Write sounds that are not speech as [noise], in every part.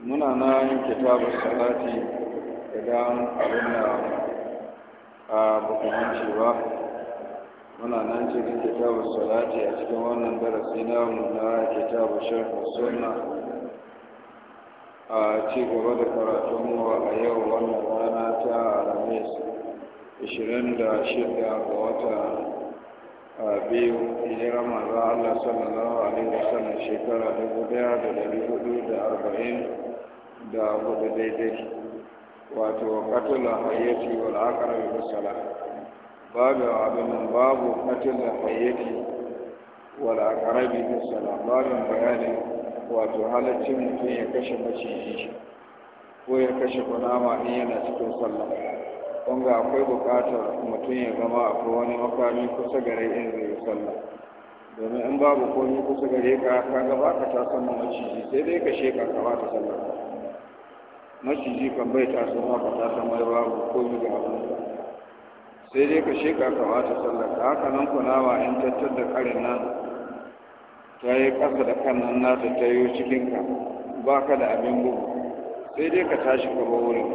muna nan kitabar salati da abin da a bukamanci ba muna nan cikin kitabar salati a cikin wannan darasi namu na kitabar sharhu sunna a ci gaba da karatunmu a yau wannan rana ta da 26 ga wata a biyu hijirar manzo Allah sallallahu alaihi wasallam shekara dubu daya da dari hudu da arba'in da hudu daidai wato katula hayyati wal aqrab bis salah babu abin babu katula hayyati wal aqrab bis salah babin bayanin wato halaccin mutum ya kashe maciji ko ya kashe kunama in yana cikin sallah kunga akwai bukatar mutum ya zama akwai wani makami kusa gare in zai sallah domin in babu komi kusa gare ka ka gaba ka ta san maciji sai dai ka sheka ka ba ta sallah maciji kan bai taso maka ta san wai babu yi da abin sai dai ka sheka ka wata sallar ka haka nan kunawa in tattar da karin nan ta yi ƙasa da kan nan nata ta yi cikin ka ba ka da abin bugu sai dai ka tashi ka ba wurin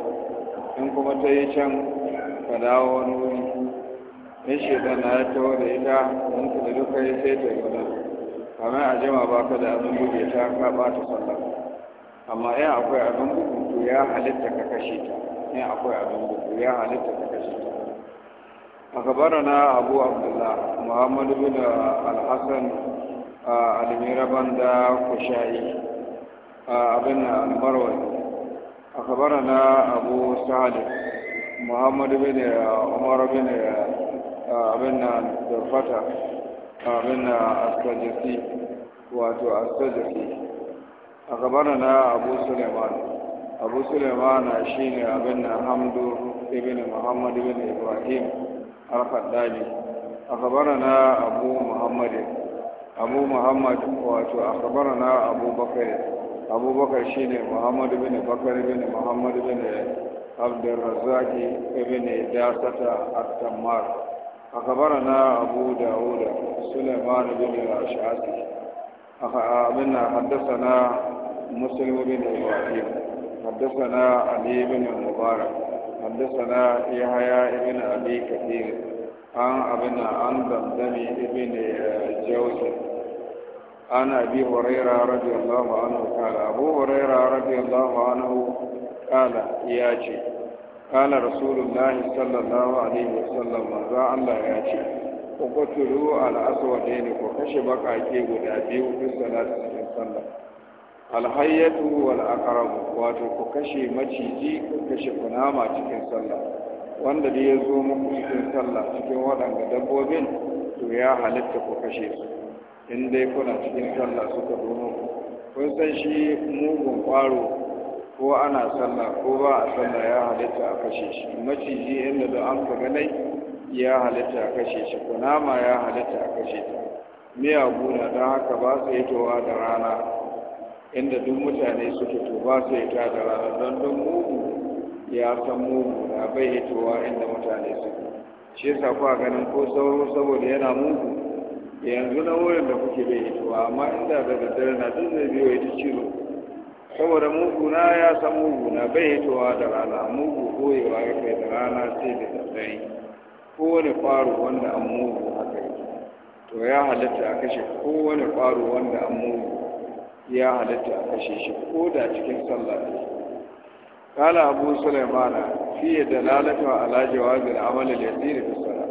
in kuma ta yi can ka dawo wani wuri in shaidan na ya tawo da ita in ka da duka yi sai ta yi wani kamar a jima ba ka da abin bugu ta ka ba ta sallar amma ya akwai abin bugu ya halitta ka kashe ta ne akwai abin buku ya halitta ka kashe ta a gabara na abu abdullah muhammadu bin alhassan almiraban da kushayi abin na marwai a gabara na abu salim muhammadu bin umar bin abin na Fata, abin na astrajisi wato astrajisi a gabara na abu suleiman abu sulaimana shine abin na hamdu ibn muhammad ibn ibrahim al-khaddabi akhbarana abu muhammad abu muhammad wato akhbarana abu bakar abu bakar shine muhammad ibn bakar ibn muhammad ibn عبد الرزاق ابن داسة التمار أخبرنا أبو داود سليمان بن الأشعثي أخبرنا حدثنا مسلم بن إبراهيم حدثنا علي بن المبارك حدثنا يحيى بن ابي كثير عن ابن عن دمدم بن جوز عن ابي هريره رضي الله عنه قال ابو هريره رضي الله عنه قال ياجي قال رسول الله صلى الله عليه وسلم ذا الله ياجي وقتلوا الاسودين وكشبك اكيد ابي في الصلاه في الصلاه alhayyatu wal aqrab wato ku kashe maciji ku kashe kunama cikin sallah wanda da ya zo muku cikin sallah cikin waɗanda dabbobin to ya halitta ku kashe su in dai kuna cikin sallah suka zo muku kun san shi mugun ƙwaro ko ana sallah ko ba a sallah ya halitta a kashe shi maciji inda da an ka ganai ya halitta a kashe shi kunama ya halitta a kashe shi. miyagu na don haka ba su yi towa da rana inda duk mutane suke to ba su yi ta da rana don don mugu ya san mugu na bai hitowa inda mutane suke shi yasa ku a ganin ko sauro saboda yana mugu yanzu na wurin da kuke bai hitowa amma inda da daddare na duk zai biyo ya ci ciro saboda mugu na ya san mugu na bai hitowa da rana mugu koyewa ya kai da rana sai da daddare kowane faro wanda an mugu haka to ya halatta a kashe kowane faro wanda an mugu ya halatta a kashe shi ko da cikin sallah ne kala abu sulaimana fiye da lalata ala jawazin amalin yasiri fi sala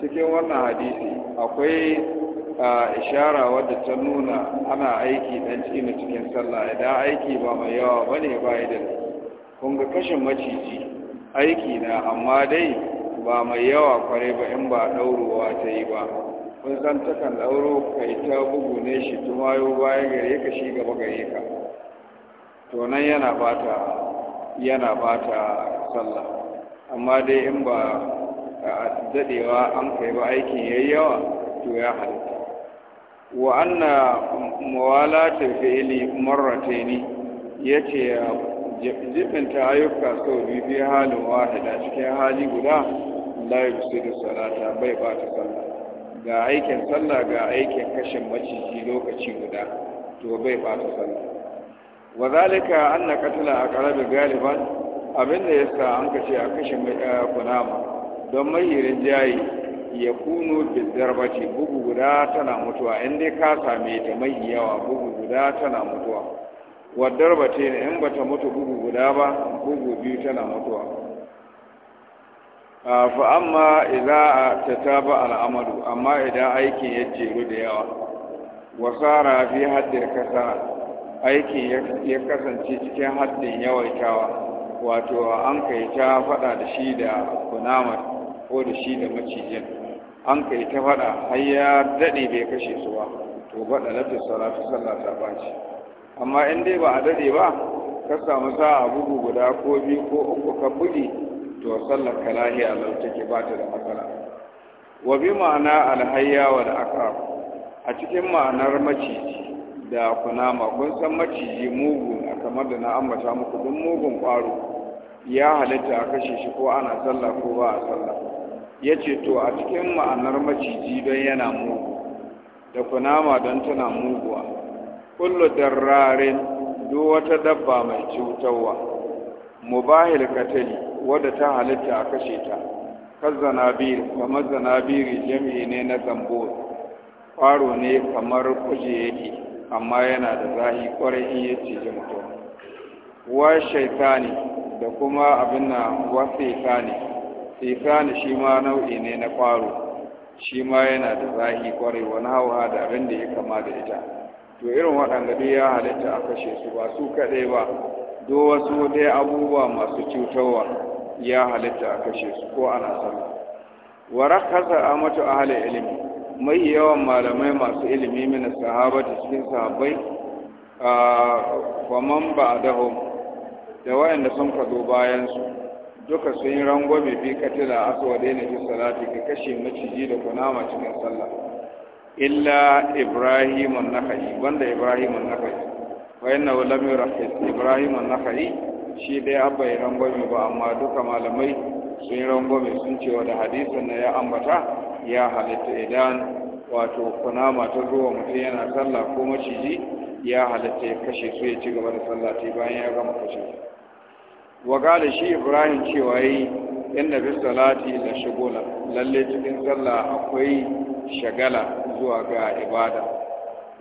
cikin wannan hadisi akwai ishara wadda ta nuna ana aiki dan tsina cikin sallah idan aiki ba mai yawa bane ba idan. kun ga kashin maciji aiki na amma dai ba mai yawa kwarai ba in ba daurowa ta yi ba kun san takan ɗauro ka yi ta bugu ne shi tumayo baya gare ka shi gaba gare ka to nan yana bata yana bata sallah amma dai in ba a dadewa an kai ba aikin yayi yawa to ya halitta wa anna mawalata fi'ili marrataini jifin ta ayyuka sau biyu halin wahida cikin hali guda la yufsidu salata bai ba ta sallah ga aikin sallah ga aikin kashin maciji lokaci guda to bai fata sallah wa zalika anna qatala aqrabi galiban abinda yasa an kace a kashin mai eh, kunama don mahirin jayi ya kuno bizzarbati bugu guda tana mutuwa in dai ka same ta mai yawa bugu guda tana mutuwa Wa ne in bata mutu bugu guda ba bugu biyu tana mutuwa fa amma idza tataba al'amalu amma idan aikin ya jeru da yawa wa sara fi haddil kasa aikin ya kasance cikin haddin yawaitawa wato an kai ta fada da shi da kunamar ko da shi da macijin an kai ta fada har ya dade bai kashe su ba to na fi salatu sallata ta baci amma in dai ba a dade ba ka samu sa'a bugu guda ko biyu ko uku ka buɗe to sallar kalahi a lau ba ta da matsala wa bi ma'ana alhayya wal aqrab a cikin ma'anar maciji da kunama kun san maciji mugu a kamar da na ambata muku don mugun ƙwaro ya halitta a kashe shi ko ana sallah ko ba a sallah ya ce to a cikin ma'anar maciji don yana mugu da kunama don tana muguwa kullu darrarin duk wata dabba mai cutarwa mubahil katali wadda ta halitta a kashe ta kazzana biyu kamar zanabiri jami'i ne na zambo kwaro ne kamar kuje yake amma yana da zahi kwarai in ya cije mutum wa shaitani da kuma abin na wa shaitani shaitani shi ma nau'i ne na kwaro shi ma yana da zahi kwarai wani hawa da abin da ya kama da ita to irin waɗanda dai ya halitta a kashe su ba su kaɗai ba do wasu dai abubuwa masu cutarwa ya halitta a kashe su ko ana sallah wa rakhasa amatu ahli ilmi mai yawan malamai masu ilimi min da cikin sahabbai wa man ba'dahum da wayanda sun kado bayan su duka sun yi rangwame bi katila aswade ne fi salati ka kashe maciji da kunama cikin sallah illa ibrahimun an-nakhai banda ibrahim an-nakhai wa inna lam yurahis ibrahim an shi dai abba ya rangwame ba amma duka malamai sun yi rangwame sun ce wa da hadisin na ya ambata ya halitta idan wato kunama ta zuwa mutum yana sallah ko maciji ya halitta ya kashe su ya ci gaba da sallah ta bayan ya gama kashe su wa gada shi ibrahim cewa yi inda bi salati da shugula lalle cikin sallah akwai shagala zuwa ga ibada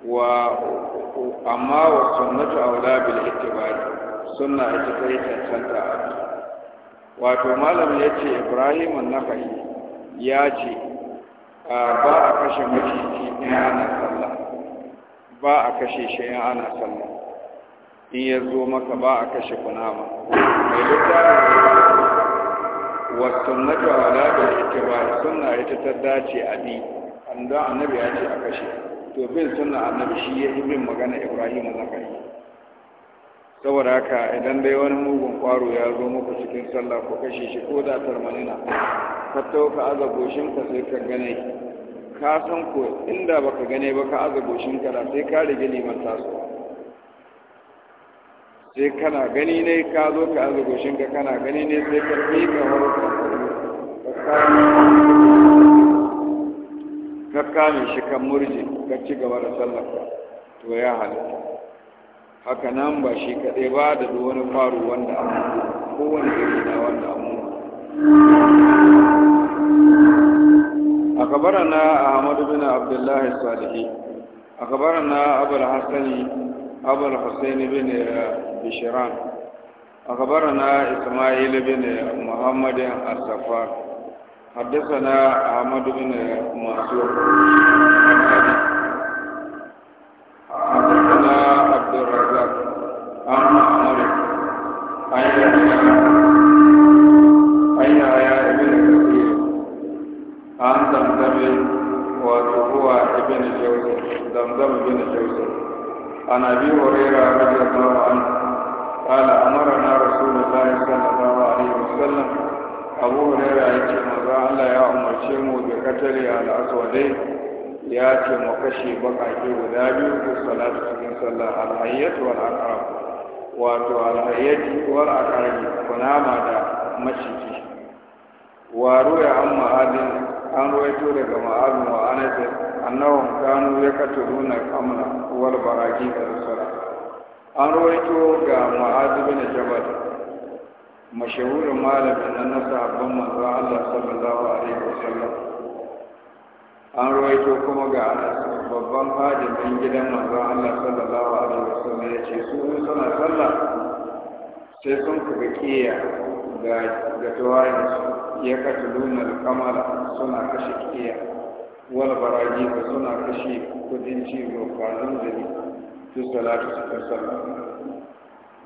wa amma wa sunnatu aula bil ba. sunna ita ta yi cancanta wato malam ya ce ibrahim nafa'i ya ce ba a kashe maciji in ana sallah ba a kashe shi in ana sallah in ya zo maka ba a kashe kunama mai littafin wa sunnatu ala bil ittiba'i sunna ita ta dace a bi an da annabi ya ce a kashe to bin suna annabi shi ya yi bin magana ibrahim nafa'i saboda haka idan dai wani mugun kwaro ya zo muku cikin sallah ko kashe shi ko da tarmanina ka tauka aza ka sai ka gane ka san ko inda baka gane ba ka aza ka da sai ka rige liman taso sai kana gani ne ka zo ka aza ka kana gani ne sai ka ka harkar ka kame shi kan murji ka ci gaba da sallah to ya halitta haka nan ba shi kadai ba da wani faru wanda an kowane gari na wanda an mura a kabara na ahmadu bin abdullahi salihi a kabara na abul hassani abul hussaini bin eh, bishiran a kabara na ismail bin eh, muhammadin asafar haddasa na ahmadu bin eh, masu kashe bakaki, guda biyu ko salatu cikin sallah alhayyatu wal aqrab wato alhayyati wal aqrab kunama da maciji wa ruya an ma'adin an ruwaito daga ma'adin wa anas annahum kanu yakatuluna kamla wal baraki da sura an ruwaito ga ma'adin bin jabal mashhurun malamin nan na manzo Allah sallallahu alaihi wasallam an rawaito kuma ga babban hadimin gidan manzon Allah sallallahu alaihi wasallam ya ce su suna sallah sai sun kuga kiya ga ga tawayin ya katuluna da kamala suna kashe kiya wal baraji suna kashe kudin ci ciwo kwanan zabi su salatu su ka sallah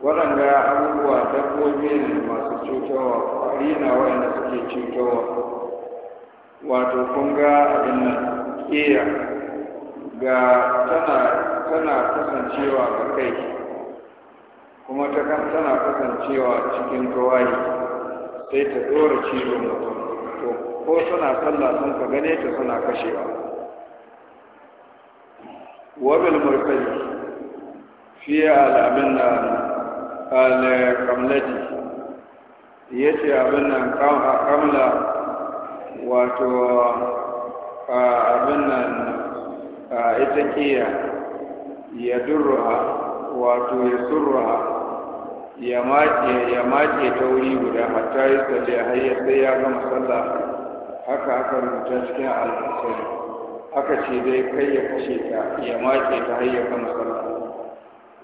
waɗanda abubuwa dabbobi ne masu cutarwa ƙwari na waɗanda suke cutarwa wato kun ga abin nan ga tana tana kasancewa ga kai kuma ta kan tana kasancewa cikin tawayi sai ta ɗora cizon mutum to ko suna sallah sun ka gane ta suna kashewa wabil murfai fiye al'amin na al ya ce abin nan kamla wato abin nan ita kiya ya durruha wato ya surruha ya mace ta wuri guda hatta yi tsalle har ya sai ya gama sallah haka aka rubuta cikin al'asari aka ce dai kai ya kashe ta ya mace ta har ya gama sallah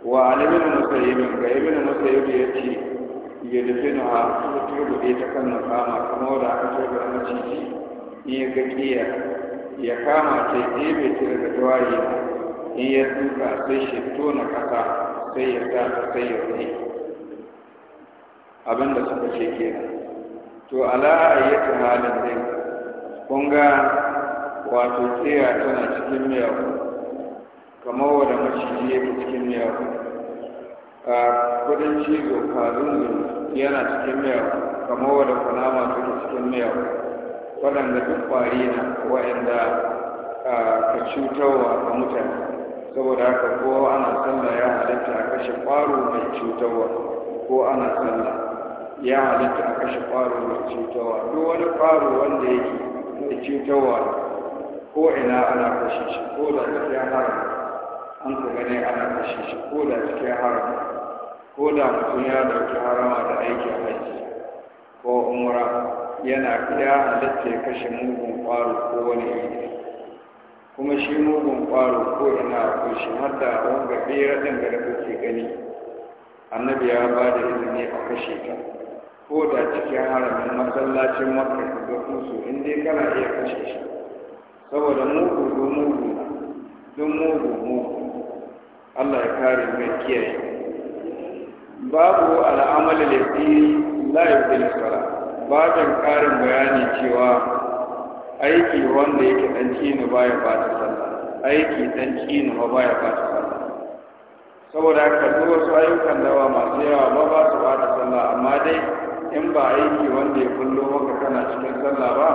wa alimin musayyibin ga ibn musayyib ya ce ya dafe na ha kuma turbuɗe ta kan na kama kamar da aka turbuɗe maciji in ya ga ƙiya ya kama ta yi ɗebe ta daga tawaye in ya duka sai shi tona ƙasa sai ya sa ta sai ya rufe abin da suka ce kenan to ala ayyata halin dai kun ga wato tsira tana cikin miyagu kamar wadda maciji yake cikin miyagu kudin cizo kalungu yana cikin miyau kamar da kunama suke cikin miyau waɗanda duk ƙwari na waɗanda ka cutarwa a mutane saboda haka ko ana sallah ya halitta a kashe ƙwaro mai cutarwa ko ana sallah ya halitta a kashe ƙwaro mai cutarwa duk wani ƙwaro wanda yake mai cutarwa ko ina ana kashe shi ko da cikin haram an kuma ne ana kashe shi ko da cikin haram ko da mutum ya ɗauki harama da aikin haji ko umra yana ya halitta ya kashe mugun ƙwaro ko wani iri kuma shi mugun ƙwaro ko ina ko shi har da wanga bera ɗin da gani annabi ya ba da izini a kashe ta ko da cikin haramin masallacin makka ga kusu in dai kana iya kashe shi saboda mugu ko mugu don mugu mugu Allah ya kare mai kiyaye babu al'amal lafi la yubdil sala babin karin bayani cewa aiki wanda yake dan cinu baya bata sallah aiki dan cinu ba baya bata sallah saboda haka duk wasu ayyukan dawa masu yawa ba ba su bata sallah amma dai in ba aiki wanda ya kullo maka kana cikin sallah ba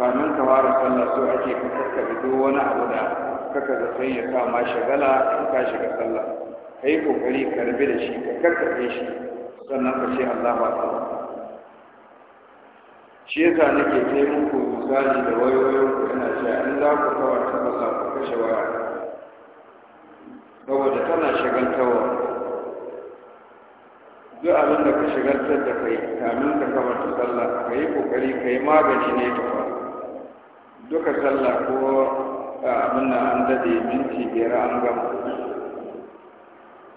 kamin ka fara sallah so ake ka kakkabi duk wani abu da kaka da sai ya sa ma shagala in ka shiga sallah ka yi ƙoƙari ka da shi ka karkace shi sannan ka ce Allah ba ta shi yasa nake kai muku misali da wayoyin ku ina cewa in za ku kawar ta za ku kashe waya saboda tana shagaltawa duk abin da ka shagaltar da kai kamin ka kawar ta sallah ka yi ƙoƙari ka yi magani ne ka fa duka sallah ko abin da an dade minti biyar an gama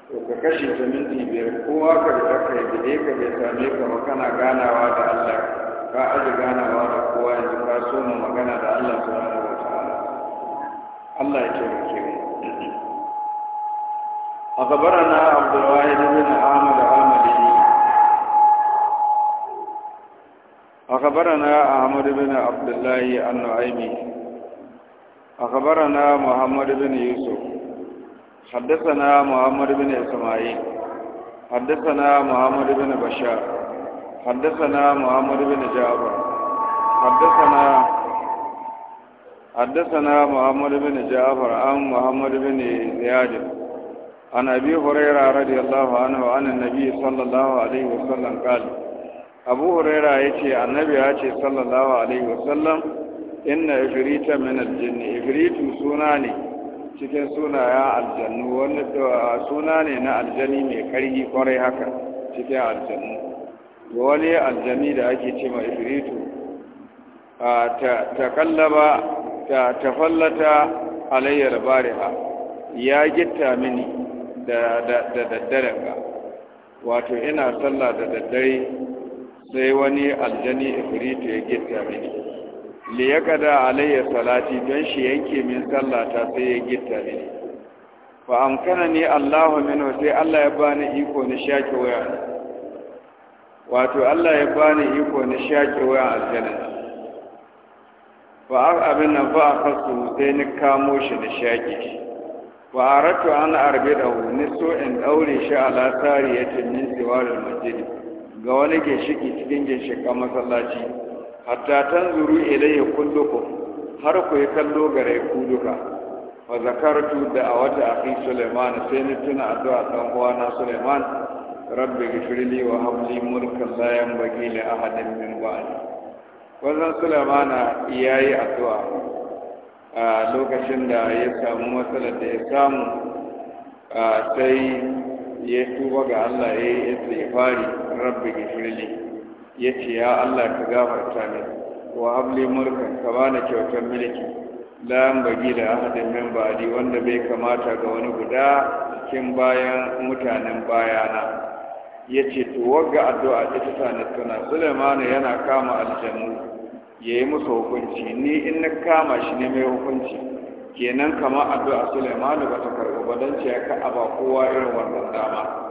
ka kashe ta minti biyar kowa ka da aka yi da ka bai same ka ba kana ganawa da Allah ka aji ganawa da kowa yanzu ka so mu magana da Allah su hana da ta Allah ya kira ke mu. A gabara na Abdullahi da bin Ahmad Ahmadi ne. A gabara na Ahmad bin Abdullahi an Nu'aimi. A gabara na Muhammad bin Yusuf. حدثنا محمد بن اسماعيل حدثنا محمد بن بشار حدثنا محمد بن جابر حدثنا حدثنا محمد بن جابر عن محمد بن زياد عن ابي هريره رضي الله عنه عن النبي صلى الله عليه وسلم قال ابو هريره يتي النبي يتي صلى الله عليه وسلم ان إفريت من الجن إفريت سناني cikin ya aljannu wani uh, suna ne na aljani mai karhi kwarai haka cikin aljannu wani aljani da ake ce ma ifritu uh, ta kallaba ta tafallata alayyar bariha ya gitta mini da daddare wato ina sallah da daddare sai wani aljani ibritu ya gitta mini li ya kada alayya salati don shi yanke min sallata sai ya gitta ne fa amkana ni Allahu minhu sai Allah ya bani iko ni shaki waya wato Allah ya bani iko ni shaki waya aljanna fa abin nan fa akhasu sai ni kamo shi ni shaki wa aratu an arbidahu ni so in daure shi ala tariyatin min siwaril masjid ga wani shiki cikin ginshikan masallaci hatta tanzuru ilayhi kullukum har ku yi kallo gare ku duka wa zakartu da a wata akhi Sulaiman sai ni tuna addu'a dan uwana Sulaiman rabbi ghfirli wa habli mulka la yanbaghi li ahadin min ba'di wannan Sulaiman yayi addu'a a lokacin da ya samu matsalar da ya samu sai ya tuba ga Allah ya yi fari rabbi gifirli ya ce ya Allah ka gafarta min wa habli mulkan ka bani kyautar mulki la bagi da ahadin min wanda bai kamata ga wani guda cikin bayan mutanen bayana ya ce to wagga addu'a ita tana tana Sulaiman yana kama aljannu yayi musu hukunci ni in na kama shi ne mai hukunci kenan kama addu'a Sulaiman ba ta karɓa ba don ce ka aba kowa irin wannan dama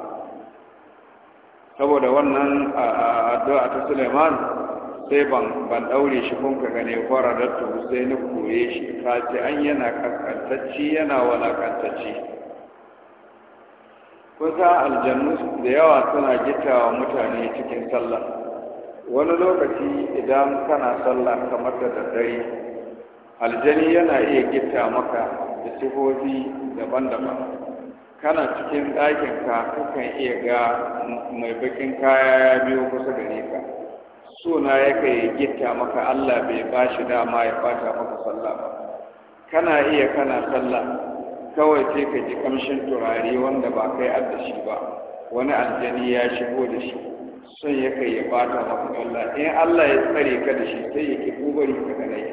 saboda wannan addu'a ta Suleiman sai ban ban daure shi kun ka gane kwararattu sai ni koye shi kace an yana kaskantacci yana walakantacci kusa aljannu da yawa suna gitawa mutane cikin sallah wani lokaci idan kana sallah kamar da daddare aljani yana iya gita maka da sifofi daban-daban kana cikin ɗakin ka kan iya ga mai bakin kaya ya biyo kusa gare ka suna ya kai gitta maka Allah bai ba shi dama ya fata maka sallah ba kana iya kana sallah kawai sai ka ji kamshin turare wanda ba kai adda shi ba wani aljani ya shigo da shi sun ya kai ya bata maka Allah in Allah ya tsare ka da shi sai ya ki kubari ka kanai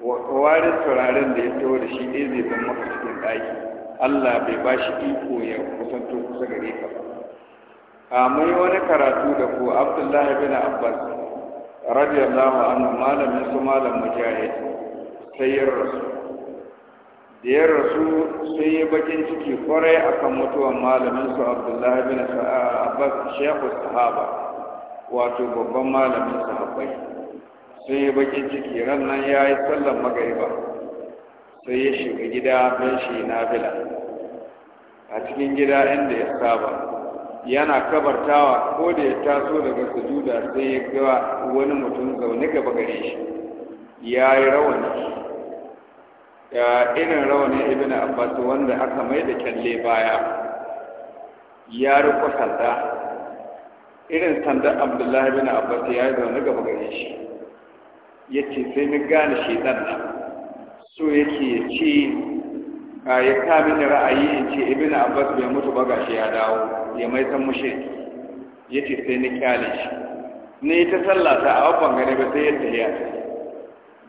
wa turaren da ya tawo da shi ne zai zama maka cikin ɗaki Allah bai ba shi iko ya kusanto kusa gare ka ba a mai wani karatu da ku Abdullahi bin Abbas radiyallahu anhu malamin su malam mujahid sai ya rasu da ya rasu sai ya bakin ciki kwarai akan mutuwar malamin su Abdullahi bin Abbas shehu sahaba wato babban malamin sahabbai sai ya bakin ciki ran nan ya yi sallan magariba sai ya shiga gida don shi bila a cikin gida inda ya saba yana kabartawa ko da ya taso daga sujuda sai ya ga wani mutum zaune gaba gare shi ya yi rawani ya irin rawanin ibn abbas wanda aka mai da kyalle baya ya riko sanda irin sanda abdullahi ibn abbas ya yi zaune gaba gare shi ya ce sai ni gane shi ɗan nan so yake ya ce ya ta da ra'ayi in ce ibn abbas bai mutu ba gashi ya dawo ya mai san mushe ya ce sai ni kyale shi ne ta sallata a wakon gani ba sai ya ta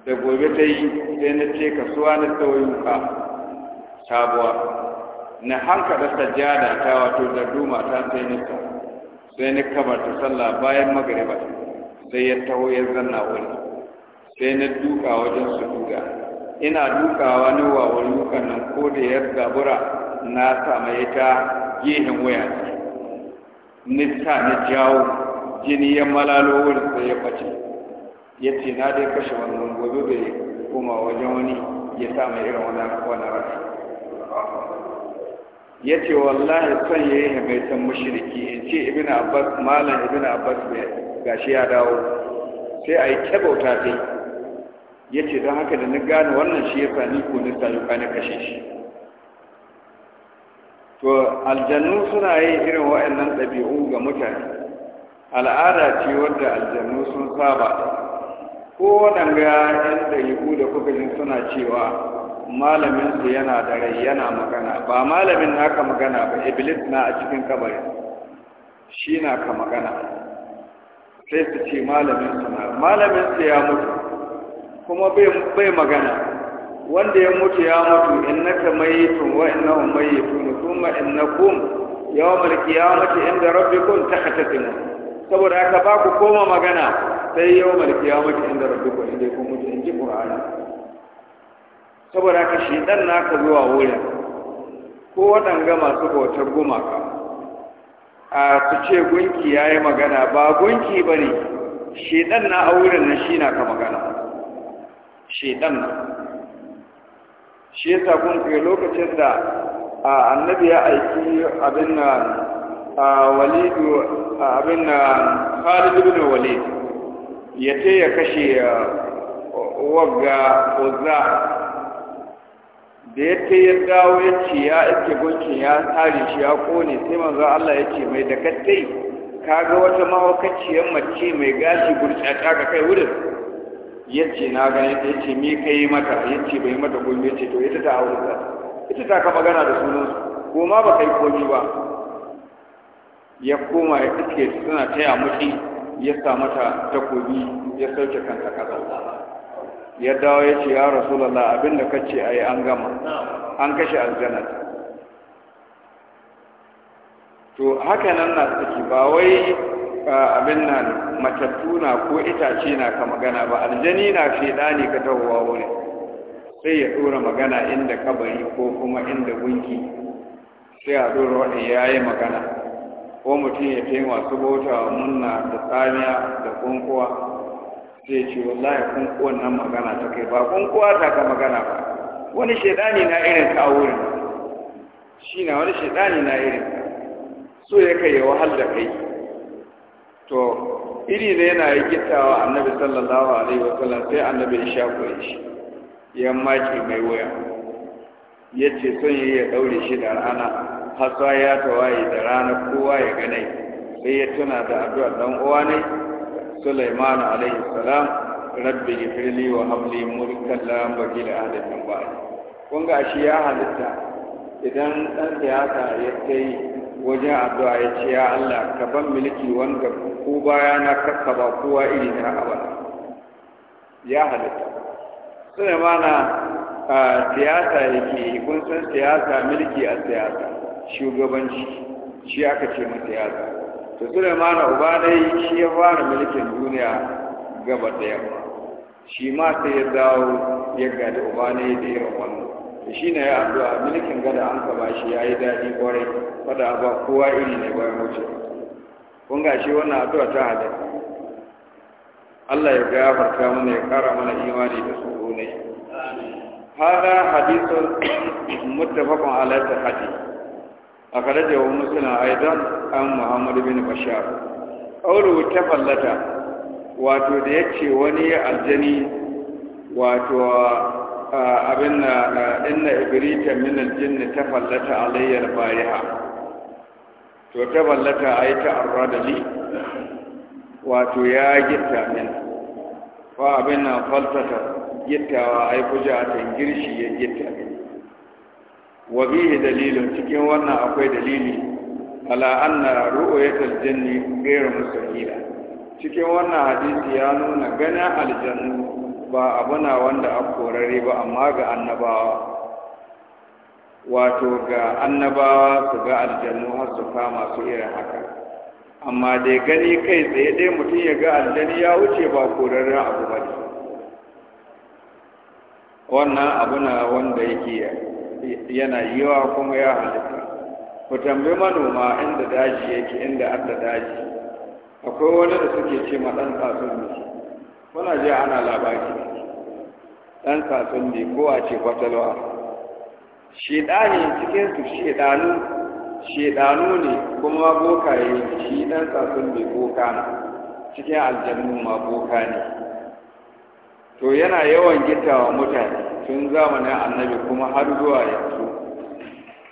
da gobe ta yi sai na ce kasuwa na muka sabuwa na hankada sajjada ta wato da duma ta sai ni sai ni ta sallah bayan magariba sai ya taho ya zanna wani sai na duka wajen su duka ina dukawa ni wawan dukan nan ko da ya gabura na ya ta gehen waya ce nista na jawo jini ya malalo wurin sai ya bace ya ce na dai kashe wannan gobe bai koma wajen wani ya sa mai irin wani rasu. ya ce wallahi son ya yi hamaitan mashiriki in ce ibn abbas malam ibn abbas ne, gashi ya dawo sai a yi kyabauta dai ya ce don haka da na gane wannan shi ya fani ko na sayuka na kashe shi to aljannu suna yi irin wa'annan ɗabi'u ga mutane al'ada ce wadda aljannu sun saba ko ga yan ɗabi'u da kuka jin suna cewa malamin su yana da rai yana magana ba malamin naka magana ba iblis na a cikin kabarin shi na ka magana sai su ce malamin su na malamin su ya mutu kuma bai magana wanda ya mutu ya mutu innaka mayitun wa innahum mayitun thumma innakum yawmal qiyamati inda rabbikum tahtasimun saboda haka ba ku koma magana sai yawmal qiyamati inda rabbikum inda kun mutu in ji qur'ani saboda haka shedan naka zuwa wurin ko waɗanga masu bautar gumaka a su ce gunki ya yi magana ba gunki ba ne shedan na a wurin nan shi na ka magana shedan shi yasa kun kai lokacin da annabi ya aiki abin na walidu abin nan Khalid ibn Walid ya ce ya kashe wagga Uzza da ya ce ya dawo ya ce ya ake gunkin ya tsari shi ya kone sai manzo Allah ya ce mai da kai kaga wata mahaukaciyar mace mai gashi gurtsata ga kai wurin yace na ga yace me kai mata yace bai mata komai yace to ita ta aure ta ita ta ka magana da sunan su ko ma ba kai komai ba ya koma ya kike suna taya mushi ya sa mata takobi ya sauke kanta kaza ya dawo ya ce ya rasulallah abinda ka ce a yi an gama an kashe aljanat to haka nan na suke ba wai abin nan matattu na ko itace na ka magana ba aljani na ne ka tahowa wuri sai ya dora magana inda kabari ko kuma inda gunki sai a dora wani ya yi magana ko mutum ya kai su bauta wa munna da tsamiya da kunkuwa sai ce wallahi kunkuwan nan magana ta kai ba kunkuwa ta ka magana ba wani shaidani na irin ka wurin shi na wani shaidani na irin so ya kai ya wahal da kai to iri ne yana yi gittawa annabi sallallahu alaihi wa sallam sai annabi ya shafe shi ya maki mai waya ya ce son yi ya daure shi da rana hasa ya tawaye da rana kowa ya ganai sai ya tuna da addu'ar dan uwa ne Sulaiman alaihi salam rabbi gifirli wa habli mulkan la mabil li ahadin kun ga shi ya halitta idan dan siyasa ya kai wajen addu'a ya ce ya Allah ka ban miliki wanda ko baya na kakka ba kowa iri na abada ya halitta suna mana siyasa yake kun san siyasa miliki a siyasa shugabanci shi aka ce mu siyasa to suna mana uba dai shi ya fara milikin duniya gaba da yamma shi ma sai ya dawo ya gada uba ne da yawan wannan shi ne ya addu'a milikin gada an ka shi ya yi daɗi ƙwarai wadda ba kowa iri ne bayan wuce kun ga shi wannan addu'a ta halitta Allah ya farka mana ya ƙara mana imani da su ne hada hadisun a alaihi da wani suna aidan an muhammad bin bashar ta fallata, wato da ya ce wani aljani wato abin na inna ibrita min aljinn tafallata alayya albariha to ta fallata tafallata ay ta'arrada li wato ya gitta min fa abin na faltata gittawa ay fujatan girshi ya gitta min wa bihi dalilun cikin wannan akwai dalili ala anna ru'yatul jinni ghayr mustahila cikin wannan hadisi ya nuna gana aljannu ba abu na wanda a korare ba amma ga annabawa wato ga annabawa su ga aljannu har su kama su irin haka amma dai gani kai tsaye dai mutum ya ga aljani ya wuce ba korare abu ba ne wannan abu na wanda yake yana yiwa kuma ya halitta ku tambi manoma inda daji yake inda da daji akwai wani da suke ce ma ɗan tsatsun Kuna je ana labari ɗan sasun ne ko a ce fatalwa shedani cikin su shedanu shedanu ne kuma bokaye ne shi ɗan sasun ne boka cikin aljannu ma ne to yana yawan gittawa mutane tun zamanin annabi kuma har zuwa yanzu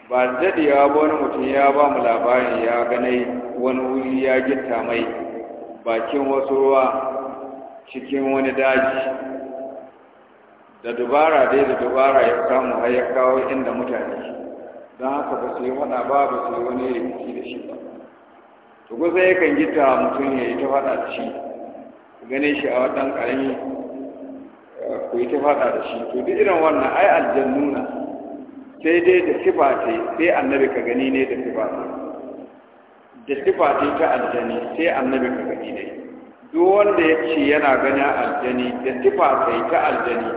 ba ya ba wani mutum ya ba mu labarin ya ganai wani wuri ya gitta mai bakin wasu ruwa cikin wani daji da dubara dai da dubara ya samu har ya kawo inda mutane don haka ba su yi faɗa ba ba su yi wani rikici da shi ba to kusa kan gita mutum ya yi ta faɗa da shi gane shi a wadan ƙarami ku yi ta faɗa da shi to duk irin wannan ai na, sai dai da sifa ce sai annabi ka gani ne da sifa ce da sifa ce ta aljani sai annabi ka gani ne duk wanda ya ce yana gani aljani da tufa sai ta aljani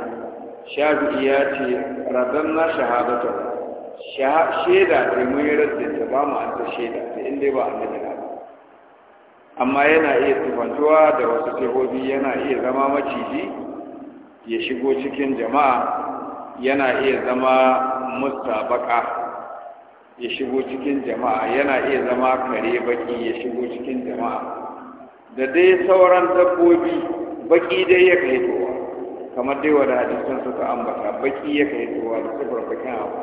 shafi'i ya ce radan na shahadatar shaida sai mun yi ta ba mu an ta shaida sai inda ba annabi na amma yana iya tufantuwa da wasu tehobi yana iya zama maciji ya shigo cikin jama'a yana iya zama mustabaka ya shigo cikin jama'a yana iya zama kare baki ya shigo cikin jama'a da dai sauran dabbobi baki dai ya kai towa kamar dai wanda hadisan suka ambata baki ya kai towa da sifar bakin abu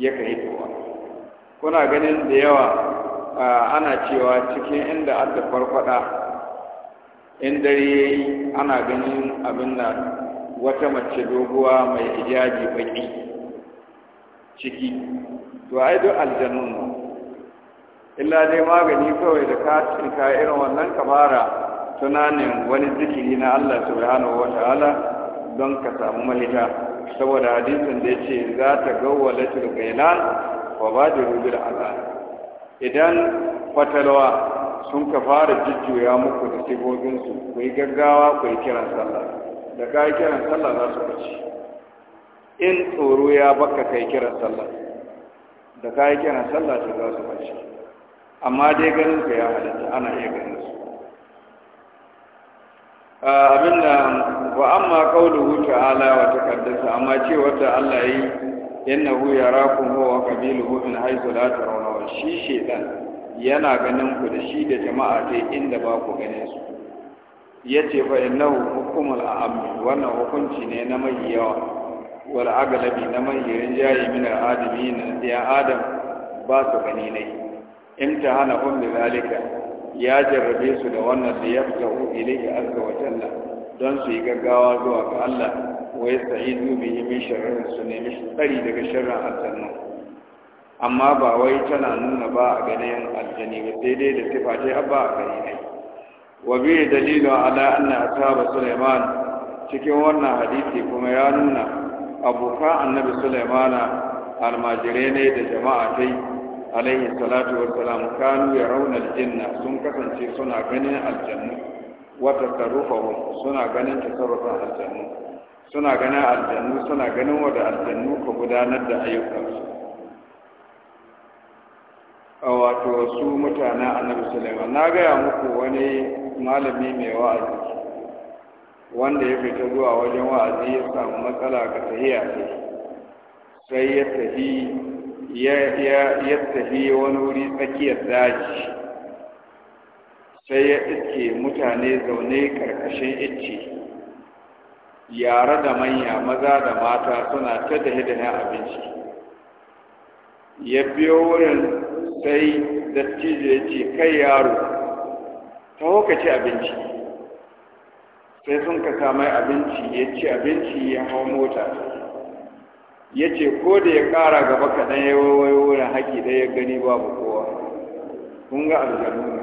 ya kai towa kuna ganin da yawa ana cewa cikin inda adda farfada in dare ya yi ana ganin abin da wata mace doguwa mai hijabi baki ciki to ai duk aljannun illa dai magani kawai da ka cinka irin wannan ka fara tunanin wani zikiri na Allah subhanahu wa ta'ala don ka samu mahita saboda hadisin da yace za ta gawwala tilqailan wa badiru bil azan idan fatalwa sun ka fara jujjuya muku da sifofin su ku yi gaggawa ku yi kiran sallah da ka yi kiran sallah za su ci in tsoro ya baka kai kiran sallah da ka yi kiran sallah su za su ci amma dai ganin ka ya halatta ana iya ganin su abin da wa amma qawluhu ta'ala wa taqaddasa amma ce wata Allah yi innahu yarakum huwa qabiluhu min haythu la tarawna shi da yana ganin ku da shi da jama'a dai inda ba ku ganin su yace fa innahu hukumul a'am wannan hukunci ne na mai yawa wal aglabi na mai rinjaye min al adamin ya adam ba su gani ne imtihana hum bi zalika ya jarrabe su da wannan da ya fita ne ya azza wa jalla don su yi gaggawa zuwa ga Allah sai yasta'idu yi min sharrin su nemi tsari daga sharrin aljanna amma ba wai tana nuna ba a ganin aljani ba sai dai da sifa dai abba a gani ne wa bi dalilu ala anna ashab Sulaiman cikin wannan hadisi kuma ya nuna abokan annabi Sulaimana almajirai ne da jama'a tai alaihi salatu wassalam kanu ya raunar jinna sun kasance suna ganin aljannu wata sarrufahum suna ganin tasarrufin aljannu suna ganin aljannu suna ganin wada aljannu ka gudanar da ayyukansu a wato su mutanen annabi sulaiman na gaya muku wani malami mai wa'azi wanda ya fita zuwa wajen wa'azi ya samu matsala ga tahiya sai ya tahi. ya tafi wani wuri tsakiyar daji sai ya iske mutane zaune karkashin icce yare da manya maza da mata suna ta dahe na abinci ya biyo wurin sai dattijo ya ce kai yaro ta ka ci abinci sai sun kasa mai abinci ya ci abinci ya hau mota ya ce ko da ya ƙara gaba kaɗan ya wayo wurin haƙi ɗaya ya gani babu kowa kun ga aljanu ne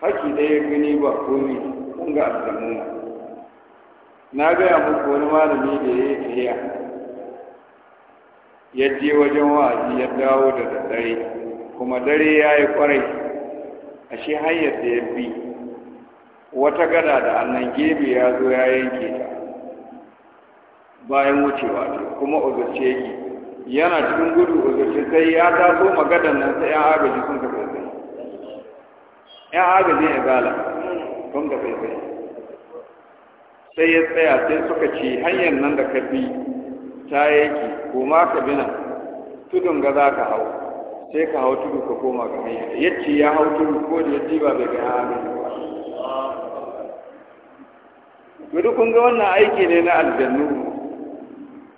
haƙi ɗaya ya gani ba komi kun ga aljanu ne na gaya muku wani malami da ya yi tafiya ya je wajen wa'azi ya dawo da daddare kuma dare ya yi kwarai a shi hanyar da ya bi wata gada da annan gebe ya zo ya yanke ta bayan wucewa ce kuma uzurce yake yana cikin gudu uzurce sai ya taso magadan nan sai yan agaji sun ka sai yan agaji ya gala sun ka sai sai ya tsaya sai suka ce hanyar nan da ka bi ta yake kuma ka bi nan tudun ga za ka hau sai ka hau tudu ka koma ga hanya yacce ya hau tudu ko da ya ba bai ga yan agaji ba duk kun ga wannan aiki ne na aljannu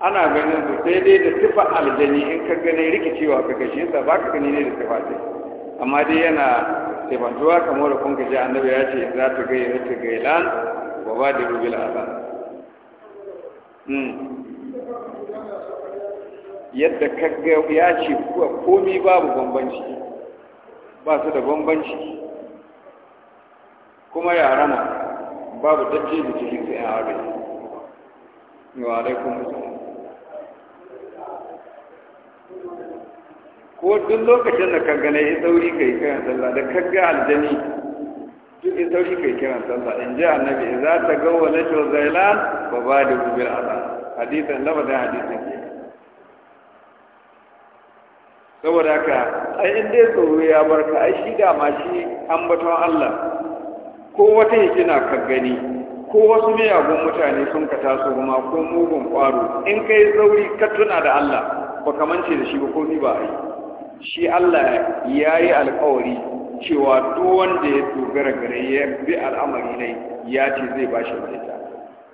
ana ganin su sai dai da tufa aljani in ka gane rikicewa ka gashi yasa ba ka gani ne da tufa sai amma dai yana taimakawa kamar da kun gaji annabi ya ce za ta gaya za ta gaya lan wa ba da rubi azan hmm. yadda ka ga ya ce komi babu bambanci ba su da bambanci kuma yarana babu da cikin sai a abin wa alaikum ko duk lokacin da ka gane ya sauri ka yi kiran sallah da ka ga aljani duk ya sauri ka yi kiran sallah in ji annabi za ta ga wa lashe zailan ba ba da gubir ala hadisan labarin hadisan ke saboda haka ai in dai tsoro ya barka ai shi dama shi ambaton Allah ko wata hikima ka gani ko wasu miyagun mutane sun ka taso kuma ko mugun kwaro in kai sauri ka tuna da Allah ba da shi ba komi ba a yi shi Allah ya yi alkawari cewa duk wanda ya dogara gare ya bi al'amari ne ya ce zai ba shi mafita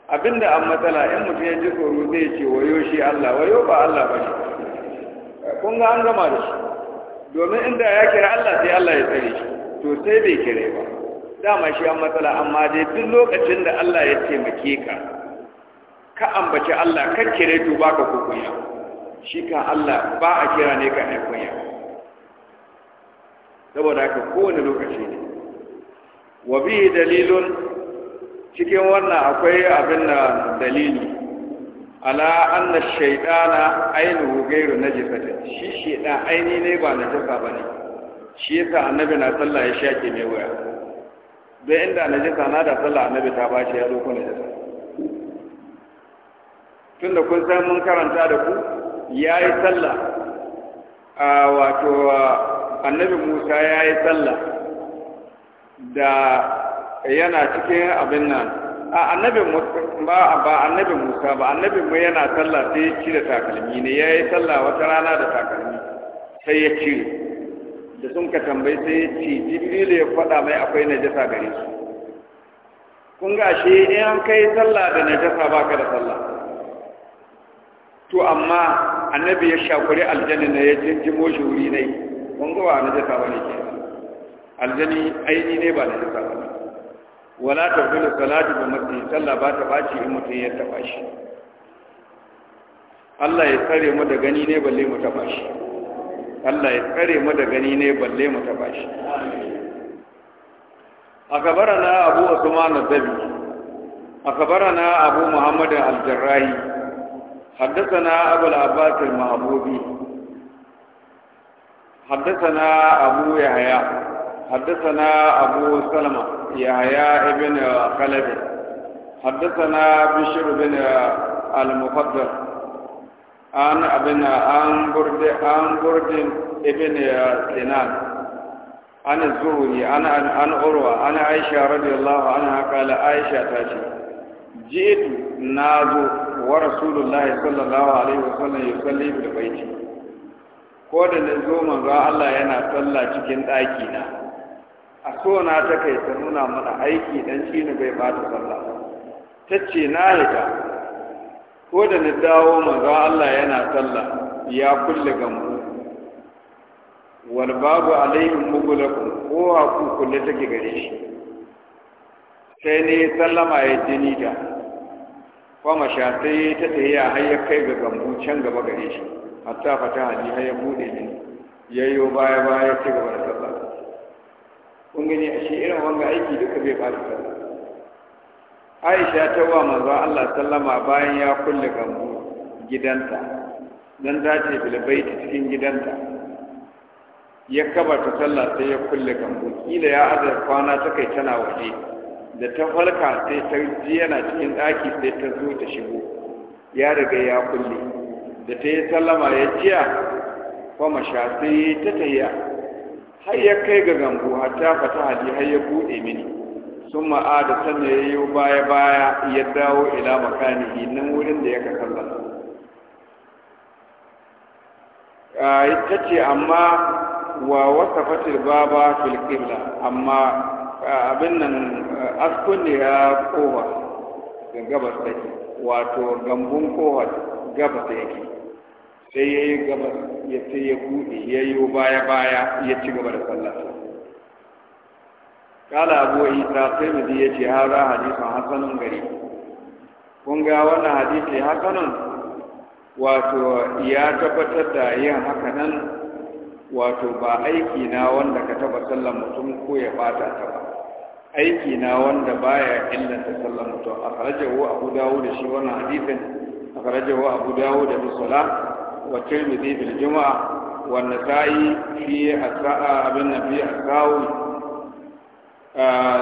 abinda an matsala in mutum ya ji tsoro zai ce wayo shi Allah wayo ba Allah ba shi kun ga an gama da shi domin inda ya kira Allah sai Allah ya tsare shi to sai bai kire ba dama shi an matsala amma dai duk lokacin da Allah ya taimake ka ka ambaci Allah ka kire to baka kokunya shi kan Allah ba a kira ne ka ai kunya saboda haka kowane lokaci ne wa bi dalilun cikin wannan akwai abin da dalili ala anna shaytana ainihu ghayru najisatin shi shaytan aini ne ba najasa bane shi yasa annabi na sallah ya shake mai waya da inda najasa na da sallah annabi ta bashi ya zo ko najasa tunda kun san mun karanta da ku ya yi sallah a wato annabi musa ya yi sallah da yana cikin abin nan a annabi Musa ba annabi musa ba annabi mu yana sallah sai ya ci da takalmi ne ya yi sallah wata rana da takalmi sai ya ci, da sun ka tambayi sai ya ce jibril ya faɗa mai akwai najasa gare su kun ga shi in an kai sallah da najasa baka da sallah to amma annabi ya shakuri aljanna ne ya jimo shi wuri ne kun ga ba na jasa bane ke aljani aini ne ba na jasa bane wala ta tabdulu salati bi masjid sallah ba ta baci in mutum ya taba shi Allah ya tsare mu da gani ne balle mu taba shi Allah ya tsare mu da gani ne balle mu taba shi أخبرنا أبو عثمان الذبي abu أبو محمد الجراحي حدثنا أبو العباس المعبودي حدثنا أبو يحيى حدثنا أبو سلمة يحيى بن خلف حدثنا بشر بن المفضل عن ابن عن برد عن برد ابن سنان عن الزهري عن عن عروة عن عائشة رضي الله عنها قال عائشة تاشي جئت نازو wa الله صلى الله عليه وسلم يصلي في baiti ko da na zo manzo Allah yana sallah cikin daki na a so na ta kai ta nuna mana aiki dan shi ne bai bata sallah Ta ce na hita ko da na dawo manzo Allah yana sallah ya kulle mu wal babu alaihim mughlaqun ko a kulle take gare shi sai ne sallama ya jini da Kwama sha sai ta tsaye har ya kai ga gambu can gaba gare shi hatta fata a har ya bude ne ya yayyo baya baya ci gaba da sallah kun gani a shi irin wanga aiki duka bai fara sallah Aisha ta wa manzo Allah sallama bayan ya kulle gambu gidanta dan ta ce bil baiti cikin gidanta ya kabata sallah sai ya kulle gambu kila ya azar kwana ta kai tana waje da ta falka sai ta ji yana cikin ɗaki sai ta zo ta shigo ya riga ya kulle da ta yi sallama ya jiya kuma masha sai ta tahiya har ya kai ga gambo har ta fata hali har ya buɗe mini sun da sannan ya yi baya baya ya dawo ila makanihi nan wurin da ya ka sallama ta ce amma wa wasa fatil baba fil qibla amma abin nan askun ne ya kowa ga gabas da ke, wato gambun kowa gabas da yake sai ya yi gabas ya ce ya buɗe ya yi baya baya ya ci gaba da sallarsa kala abu isa sai mu ya ce ha za hadisan hasanun gari kun ga wannan hadisi hasanun wato ya tabbatar da yin haka nan wato ba aiki na wanda ka taba sallan mutum ko ya bata ta ba aiki na wanda baya illanta sallar mutum a kharajahu abu dawo da shi wannan hadisin a kharajahu abu dawo da musala wa tirmidhi bil juma'a wa nasa'i fi asa'a abin nabi asawi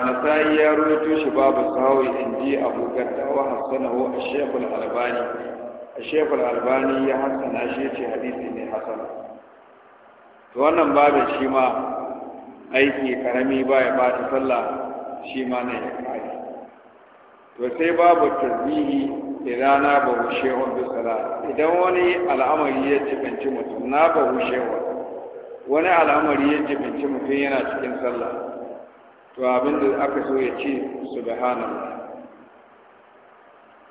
nasa'i ya rawaito shi babu sawi inji abu gadda wa hasanahu ash-shaykh albani ash-shaykh albani ya hasana shi ce hadisi ne hasan to wannan babin shi ma aiki karami baya ba ta sallah shi ma ne ya kare to sai babu tasbihi idan na ba hushe bi sala idan wani al'amari ya jibanci mutum na ba hushe wani al'amari ya jibanci mutum yana cikin sallah to abin da aka so ya ce subhanallah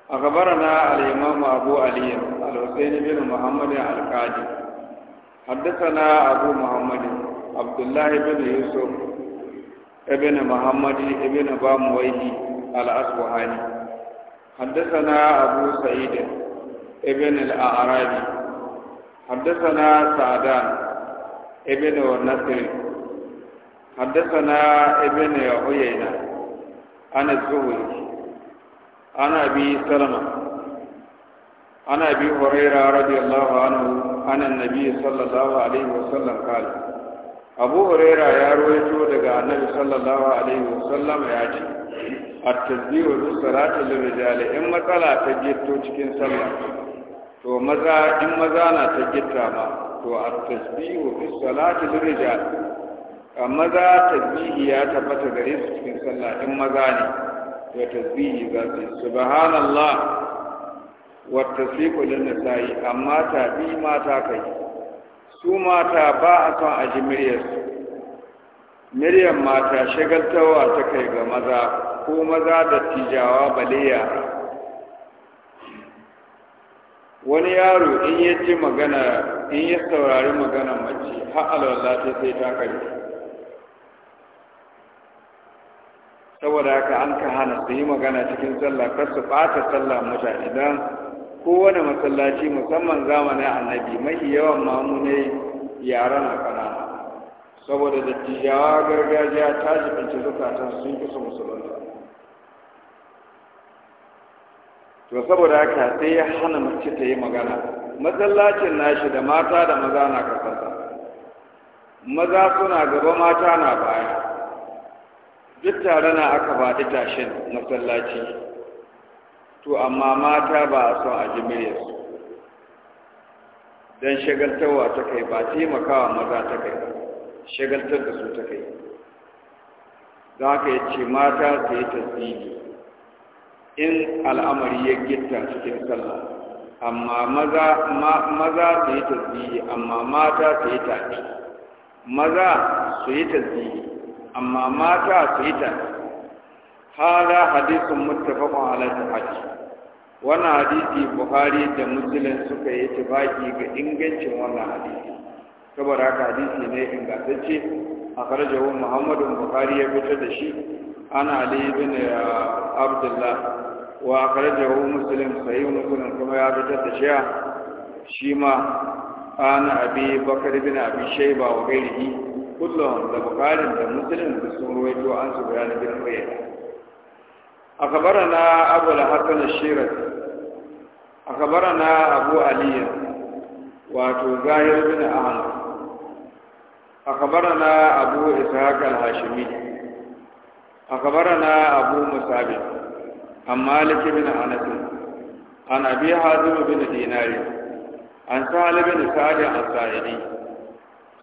abu الإمام أبو علي الحسين بن محمد القاضي حدثنا أبو محمد عبد الله بن يوسف ابن محمد ابن ابا بامويه الأصبهاني حدثنا ابو سعيد ابن الأعرابي حدثنا سعدان ابن ونصر حدثنا ابن عيينة عن الزهري عن ابي سلمة عن ابي هريرة رضي الله عنه عن النبي صلى الله عليه وسلم قال abu huraira ya ruwaito daga annabi sallallahu alaihi wasallam ya ce at-tasbihu bi salati lirijali in matsala ta jitto cikin sallah to maza in maza na ta jitta ma to at-tasbihu bi salati lirrijal maza tasbihi ya tabbata gare su cikin sallah in maza ne to tasbihi za su subhanallah wa tasbihu lin nisa'i amma ta bi mata kai su mata ba a son a ji miryar mata shagaltawa ta kai ga maza ko maza da tijawa bale wani yaro in ya ce magana in ya saurari magana mace har alwala ta sai ta kari saboda haka an ka hana su yi magana cikin sallah kar su ɓata sallah mutane don kowane masallaci musamman zamanin annabi mafi yawan mamune yaran a kanana saboda dattijawa gargajiya ta jibinci zukatan sun kisa musulunta to saboda haka sai ya hana mace ta yi magana masallacin nashi da mata da maza na kasarsa maza suna gaba mata na baya duk tare na aka baɗi tashin masallaci to amma mata ba a son a ji su. don shagaltarwa ta kai ba taimakawa maza ta kai ba shagaltar da su ta kai za ka yi ce mata su yi tasiri in al'amari ya gitta cikin sallah amma maza su yi tasiri amma mata su yi tafi maza su yi tasiri amma mata su yi tafi hada hadisin muttafaqun ala sahih wannan hadisi buhari da muslim suka yi tabaki ga ingancin wannan hadisi saboda haka hadisi ne ingantacce a karjawo muhammadun buhari ya fitar da shi ana ali ibn abdullah wa karjawo muslim sai muslim kuma ya fitar da shi shi ma ana abi bakar bin abi shayba wa gairihi kullum da bukarin da muslim da sun ruwaito an su bayanin bin ruwaita أخبرنا أبو الحسن الشيرة أخبرنا أبو علي واتو وتزاهر بن أهل أخبرنا أبو إسحاق الهاشمي أخبرنا أبو مصعب عن مالك بن أنس عن أبي حازم بن دينار عن سهل بن سعد الساعدي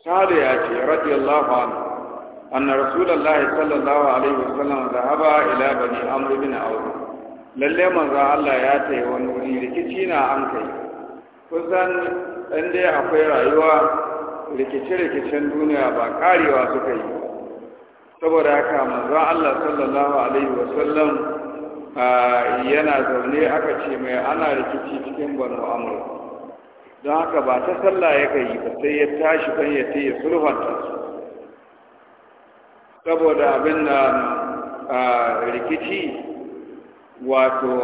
سهل ياتي رضي الله عنه أن رسول الله صلى الله عليه وسلم ذهب إلى بني عمرو بن عوف lalle manzo Allah ya tayi wani wuri rikici na an kai kusan in dai akwai rayuwa rikice-rikicen duniya ba karewa suka yi saboda haka manzo Allah sallallahu alaihi wasallam yana zaune aka ce mai ana rikici cikin banu amur don haka ba ta sallah ya kai ba sai ya tashi ban ya taya sulhanta su saboda abin da rikici wato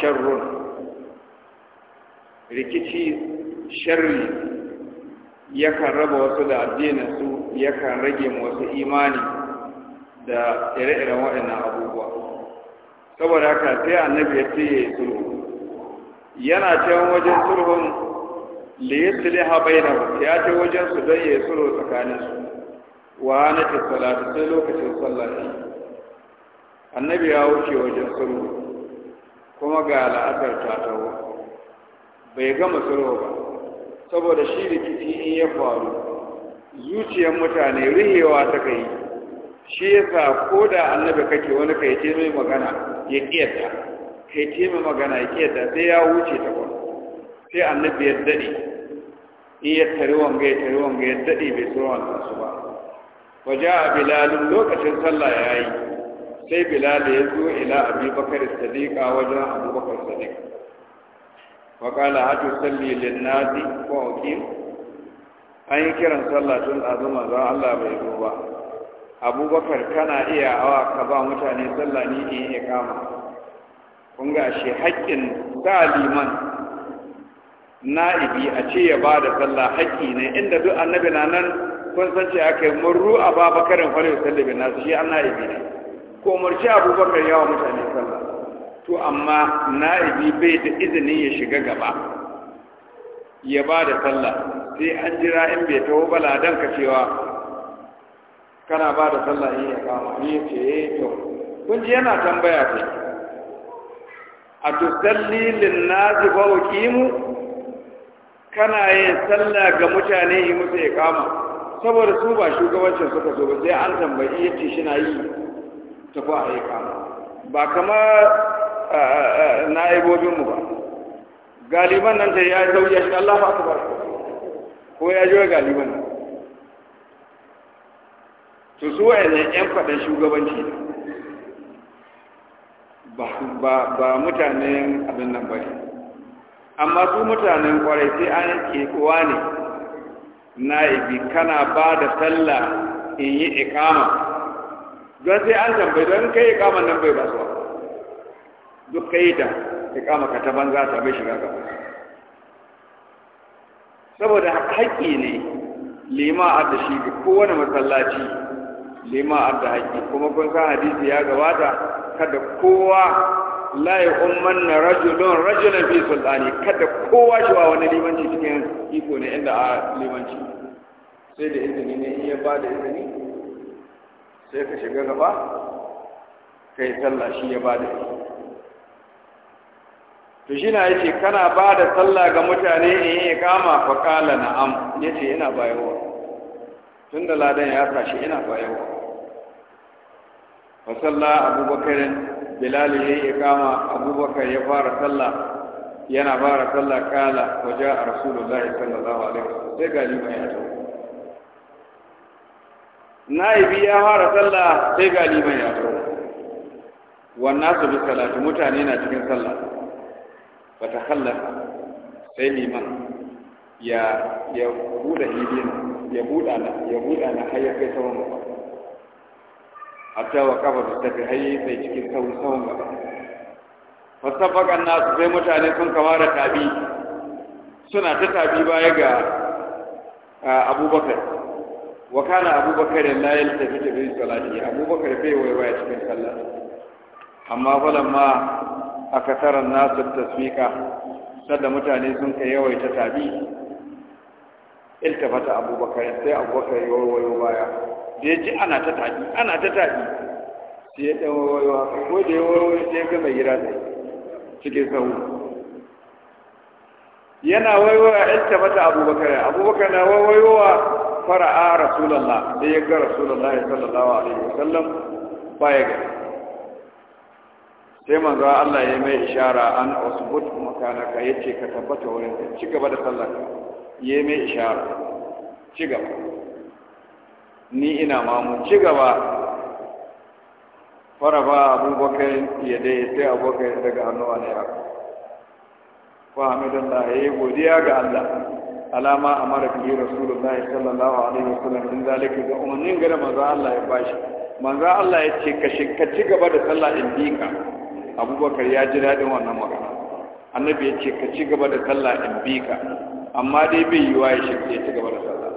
sharrun rikici sharri yakan raba wasu da addininsu yakan rage wasu imani da ire-iren waɗannan abubuwa saboda haka sai annabi ya ce sulhu yana cewa wajen sulhun liyasliha bainahum ya ce wajen su don ya sulhu tsakaninsu wa na ta salatu sai lokacin sallah annabi ya wuce wajen sulhu kuma ga la'asar ta taho bai gama sulhu ba saboda shi rikici in ya faru zuciyar mutane rihewa ta kai shi yasa ko da annabi kake wani kai ce mai magana ya kiyata kai ce mai magana ya kiyata sai ya wuce ta kwan sai annabi ya daɗe in ya tare wanga ya tare wanga ya daɗe bai tsoron su ba waje a bilalin lokacin sallah ya yi sai bilal ya zo ila abubakar sadiqa wajen abubakar sadiq waƙala hatu salli linnasi ko aukim an yi kiran sallah tun azuma za Allah bai zo ba abubakar kana iya awa ka ba mutane sallah ni in ya kama kun ga shi haƙƙin sa liman na'ibi a ce ya ba da sallah haƙƙi ne inda duk annabi na nan kun san ce ake murru a babakarin falai na su shi an na'ibi ne ko umarci abubakar yawa mutane sallah to amma na'ibi bai da izinin ya shiga gaba ya ba da sallah sai an jira in bai taho bala don ka cewa kana ba da sallah in ya kama ni ya ce eh to kun ji yana tambaya ce a to lin nasi fa uqimu kana yin sallah ga mutane yi musu ya kama? saboda su ba shugabancin suka so ba sai an tambayi yace shi na yi ta kwa a yi kama ba kama na'ibobinmu ba galiban nan ta ya zau ya shi Allah ba ba ko ya jiwa galiban nan to su wayannan 'yan faɗin shugabanci ba mutanen abin nan ba ne amma su mutanen kwarai sai an ke kowa ne na'ibi kana ba da sallah in yi ikama don sai an tambayi don kai ikama nan bai basuwa duk kai da ikama ka ta banza ta bai shiga gaba saboda haƙƙi ne lima a da shi ga kowane masallaci lima a da haƙƙi kuma kun san hadisi ya gabata kada kowa la ya umman na rajulun rajulun fi sultani kada kowa shi wa wani limanci cikin iko ne inda a limanci sai da izini ne iya ba da izini sai ka shiga gaba ka yi sallah shi ya ba da izini to shi na yace kana ba da sallah ga mutane ne yi kama fa kala na'am yace ina bayarwa tun da ladan ya sa shi ina bayarwa fa sallah abubakar bilal ya yi ikama abubakar ya fara sallah yana fara sallah kala waje a rasulullah sallallahu alaihi wa wasallam sai ga liman ya taho na'ibi ya fara sallah sai ga liman ya taho wannan su bi salatu mutane na cikin sallah ba ta hallaka sai liman ya ya buɗe hidina ya buɗa na ya buɗa na har ya kai saman mutum hatta wa kafa su tafi haye sai cikin sauri sauri gaba fasafakan nasu sai mutane sun kama da tabi suna ta tabi baya ga abubakar wa kana abubakar la yaltafi ta bi salati abubakar bai waiwaya cikin sallah amma falamma akasaran nasu tasmika sadda mutane sun kai yawaita tabi iltafata abubakar sai abubakar ya wayo baya da ya ji ana ta taɗi ana ta taɗi sai ya ɗan wayo ko da ya wayo sai ya gama gida zai cikin sahu yana wayowa iltafata abubakar abubakar na a fara'a rasulallah da ya ga rasulallah ya sallallahu alaihi sallam baya gari sai manzo Allah ya mai ishara an usbut makanaka yace ka tabbata wurin ci gaba da sallar yi mai ishara ci gaba ni ina mamu ci gaba fara ba abubakar ya dai sai abubakar daga hannuwa ne ya ko da ya yi godiya ga Allah alama a mara fiye rasulullahi sallallahu alaihi wasallam din zalika ga umarnin gada manzo Allah ya bashi manzo Allah ya ce ka ci gaba da sallah in bika abubakar ya ji daɗin wannan magana annabi ya ce ka ci gaba da sallah in bika amma dai bai yi wa ya shirke ci gaba da sallah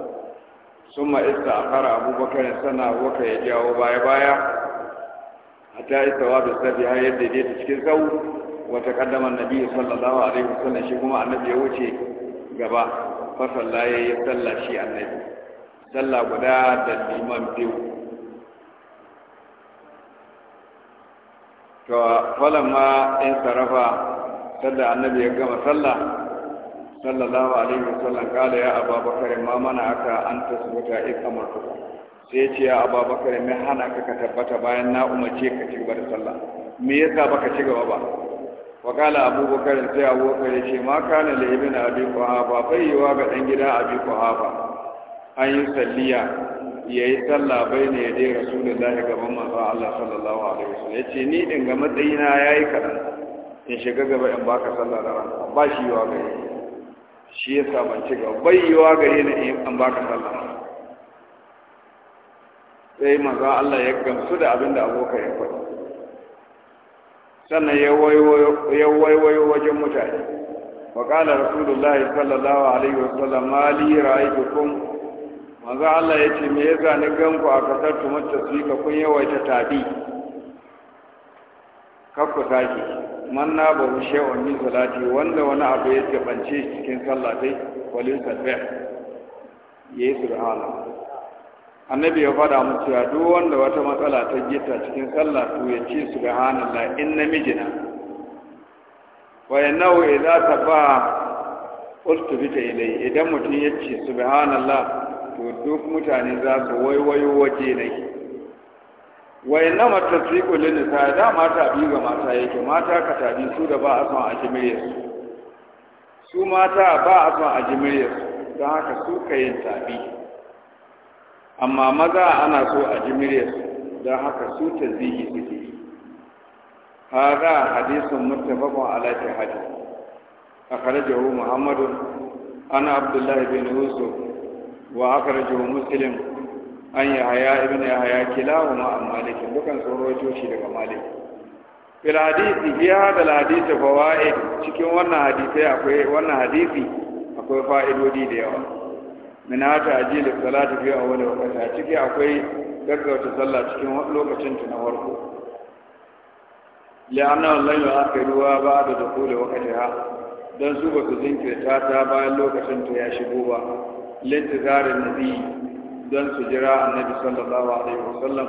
sun ma isa a kara abubakar sana waka ya jawo baya baya a ta isa wa da sabi har yadda ya ta cikin sau wata kaddamar nabi sallallahu alaihi wasallam shi kuma annabi ya wuce gaba fasalla ya yi sallah shi annabi sallah guda da liman biyu to falama in sarafa sallah annabi ya gama sallah sallallahu alaihi wasallam kala ya ababakar ma mana aka an tasbuta in amartuka sai ce ya ababakar me hana ka ka tabbata bayan na umarce ka ci gaba da sallah me yasa baka ci gaba ba wa kala abubakar sai abubakar ya ce ma kana da ibn abi quhafa yiwa ga dan gida abi quhafa an yi salliya ya yi sallah bai ne ya dai rasulullahi gaban manzo Allah sallallahu alaihi wasallam ya ce ni din ga matsayina yayi kadan in shiga gaba in baka sallah da ran ba shi yawa gare shi ya sa ban ci ga bayyawa gare ni in an baka sallah sai maza Allah ya gamsu da abin da aboka ya faɗi sannan ya waiwayo wajen mutane wa qala rasulullah sallallahu alaihi wa sallam ma li ra'aytukum maza Allah ya ce me yasa ni ganku a kasar tumar tasbika kun yawaita tabi kakku sake man na ba mu shewan min salati wanda wani abu ya gabance cikin sallah dai walin ya yi subhana annabi ya fada mu cewa duk wanda wata matsala ta gita cikin sallah to ya ce subhanallah in namijina wa yanahu idza tafa ustu bi ilai idan mutum ya ce subhanallah to duk mutane za su waiwayo waje nake Wai wayanna mata tsiko le ne sai da mata bi ga mata yake mata ka tabi su da ba a son a jimiriyar su mata ba a son a jimiriyar su don haka su ka yin tabi amma maza ana so a jimiriyar su don haka su ta zihi suke yi haka hadisun mutafakon alaƙi hadi a karjahu muhammadu ana abdullahi bin yusuf wa aka rajahu muslim an haya ibn yahaya ma an malik dukan sun rawaito shi daga malik fil hadisi fi hadal hadisi fawaid cikin wannan hadisi akwai wannan hadisi akwai fa'idodi da yawa min hata ajil salati fi awwal waqti ciki akwai gaggauta sallah cikin lokacin ta na farko la'anna lan wa ba'da dukul waqtiha dan su ba su jinkirta ta bayan lokacin ta ya shigo ba lintizarin nabi don su jira annabi sallallahu alaihi wasallam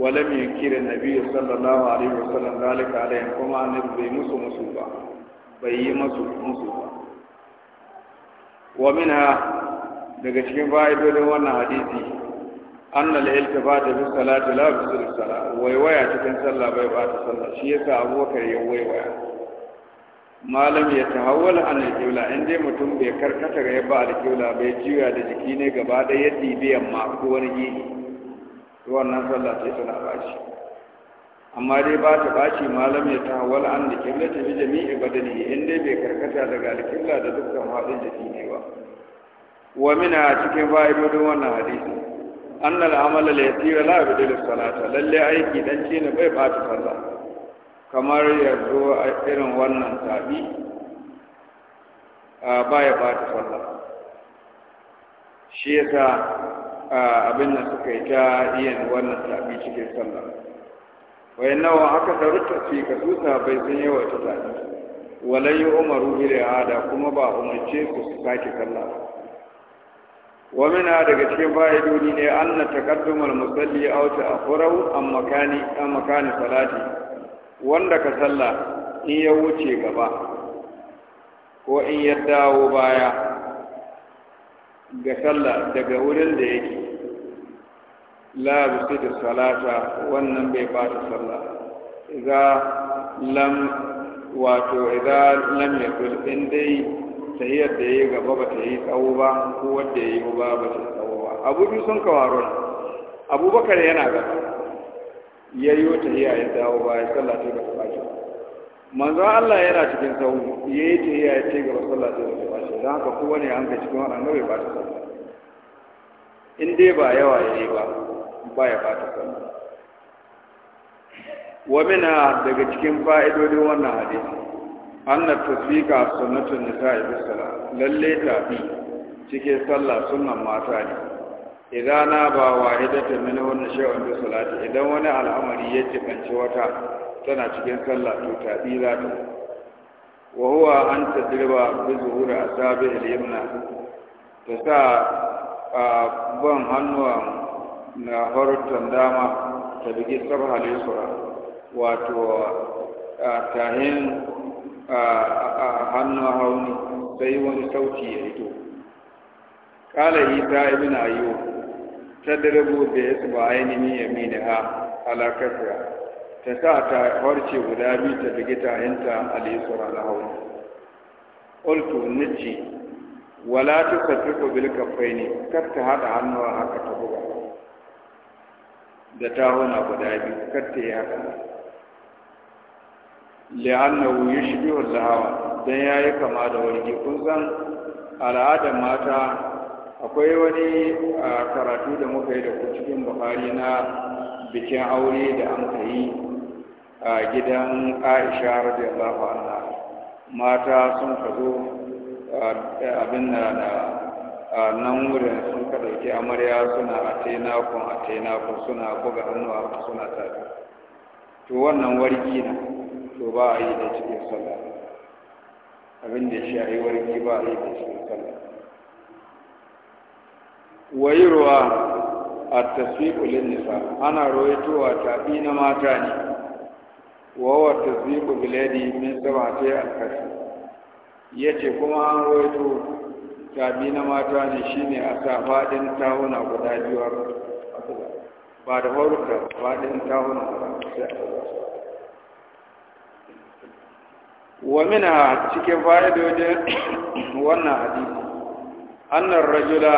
walam yunkira annabi sallallahu alaihi wasallam zalika alaihim kuma annabi bai musu musu ba bai yi musu musu ba wa minha daga cikin fa'idodin wannan hadisi anna al-iltifata bi salati la bi salati waiwaya cikin sallah bai ba ta sallah shi yasa abubakar ya waiwaya malam ya tahawwala an alƙibla in dai mutum bai karkata ga yabba alƙibla bai juya da jiki ne gaba ɗaya ya ɗibi yamma ko wani gini to wannan sallah sai tana bashi amma dai ba ta bashi malam ya tahawwala an alƙibla ta bi jami'i badani in dai bai karkata daga alƙibla da dukkan faɗin jiki ne ba wa mina cikin fa'idodin wannan hadisi annal amala la yasira la bidil salata lalle aiki dan ce ne bai bata sallah kamar zo a irin wannan tabi ba ya ba ta sallah shi yasa abin da suka yi ta yin wannan tabi cikin sallah wai nawa aka taru tafi ka tuta bai sun yawa ta tabi walai umaru ila ada kuma ba umarce ku su sake sallah wa mina daga cikin fa'idodi ne na takaddumar musalli aw wata a makani am makani salati wanda ka sallah in ya wuce gaba ko in ya dawo baya ga sallah daga wurin da yake la da salata wannan bai ba ta sallah idza lam wato idza lam yakul in dai tahiyar da yayi gaba ba ta yi tsawo ba ko wanda yayi ba ba ta tsawo ba abu sun kawaro abubakar yana gaba ya yi wata hiya ya dawo ba ya sallah ta gaba bashi manzo Allah yana cikin sahu ya yi ta hiya ya ce gaba sallah ta gaba bashi don haka kowane an ka cikin waɗanda bai bata sallah in dai ba yawa ya yi ba ba ya bata sallah wa na daga cikin fa'idodin wannan hadisi anna tasbika sunnatun nisa'i bis salat lalle ta cikin sallah sunnan mata ne idan na ba wahidatun min wannan shay'un bi salati idan wani al'amari ya tikanci wata tana cikin sallah to ta bi za ta wa huwa an tadriba bi zuhuri asabi al-yamna ta sa ban hannuwan na harutan dama ta bigi sabha al-yusra wato tahin hannu hauni sai wani sauti ya fito kala isa ibn ayyub tadribu bi isba ainihi yaminaha ala kafra ta sa ta harce guda biyu ta bigita hinta al-yusra al-hawl qultu naji wala tusaffiqu bil kaffaini kar ta hada hannuwa haka ta buga da ta hona guda biyu kar ta yi shi li'annahu yushbihu al don ya yi kama da wargi kun san al'adar mata akwai wani karatu da muka yi da ku cikin buhari na bikin aure da an ka yi a gidan aisha radiyallahu anha mata sun kazo abin na nan wurin sun ka dauki amarya suna a kun a kun suna buga hannuwa suna tafi to wannan wargi na to ba a yi da cikin sallah abin da shi a yi wargi, ba a yi da cikin sallah wayirwa a tasfiƙulin nisa ana rawaitowa tafi na mata ne wawa tasfiƙu biladi min saba ta alkasi ya ce kuma an rawaito tafi na mata ne shine a sa tahuna guda biyu ba da horuka faɗin tahuna guda biyu wa mina cikin fa’idodin wannan hadisi annar rajula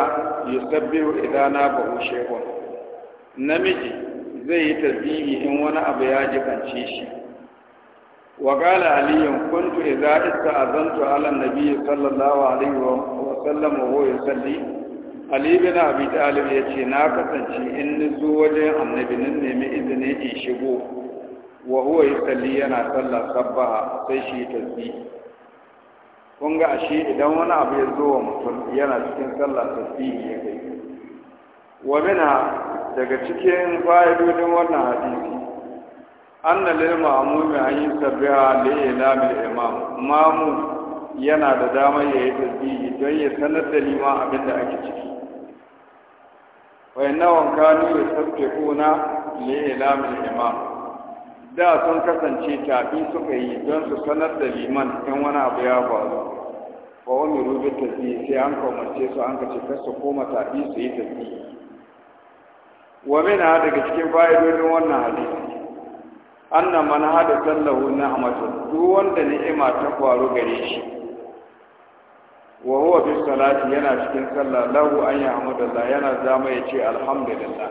yusabbihu idan nabahu shay'un namiji zai yi tasbihi in wani abu ya jikance shi wa qala aliyun kuntu idza ista'azantu ala nabi sallallahu alaihi wa sallam wa huwa yusalli ali bin abi talib yace na kasance in ni zo wajen annabi nan nemi izini in shigo wa huwa yusalli yana sallah sabbaha sai shi tasbihi kun ga ashe idan wani abu ya zo wa mutum yana cikin sallah tasbihi ya kai wa mina daga cikin fa'idodin wannan hadisi anna lil ma'mumi an yusabbiha li ilamil imam mamu yana da damar ya yi tasbihi don ya sanar da liman abin da ake ciki wa inna wankanu yusabbihuna li ilamil imam da sun kasance tafi suka yi don su sanar da liman in wani abu ya faru ba wani rubin tafi sai an kawance su an kace kar su koma tafi su yi tafi wa mina daga cikin fa'idodin wannan hadisi annan man hada sallahu ni'matu duk wanda ni'ima ta faru gare shi wa huwa fi salati yana cikin sallah lahu an yahmudallah yana zama ya ce alhamdulillah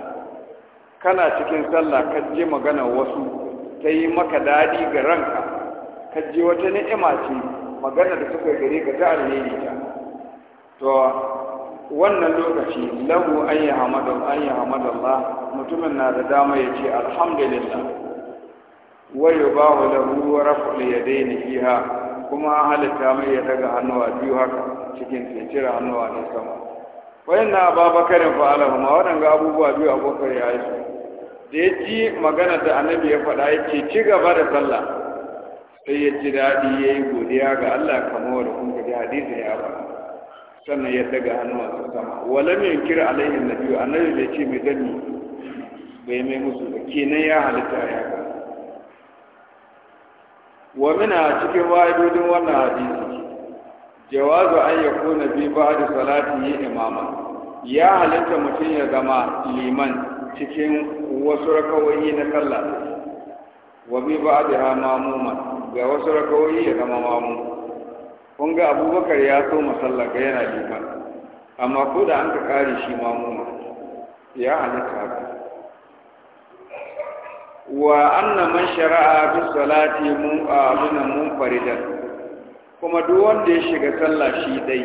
kana cikin sallah kan ji magana wasu ta yi maka daɗi ga ranka ka je wata ni'ima ce magana da suka gare ka ta alheri ta to wannan lokaci lahu an yi hamadu an yi ba mutumin na da dama ya ce alhamdulillah wa da ruwa wa raf'u yadayni fiha kuma halitta mai ya daga hannuwa biyu haka cikin tsincira hannuwa ne sama wayanna babakarin ma waɗanga abubuwa biyu abokan ya yi su da ya ji magana da annabi ya faɗa ya ce ci gaba da sallah sai ya ji daɗi ya yi godiya ga Allah kamar da kun ji hadisi ya faɗa sannan ya daga hannuwansa sama wala mai kira alaihin biyu annabi bai ce mai dani bai mai musu ba kenan ya halitta ya ga wa mina cikin wa'idodin wannan hadisi jawazu an kona bi ba da salati imama ya halitta mutum ya zama liman cikin wasu rakawai na sallah wa bi ba'daha mamuma ga wasu rakawai ya zama mamu kun ga abubakar ya so masalla ga yana liman amma ko da an ka kare shi mamuma ya halatta wa anna man shara'a bi salati mun mu farida. kuma duk wanda ya shiga sallah shi dai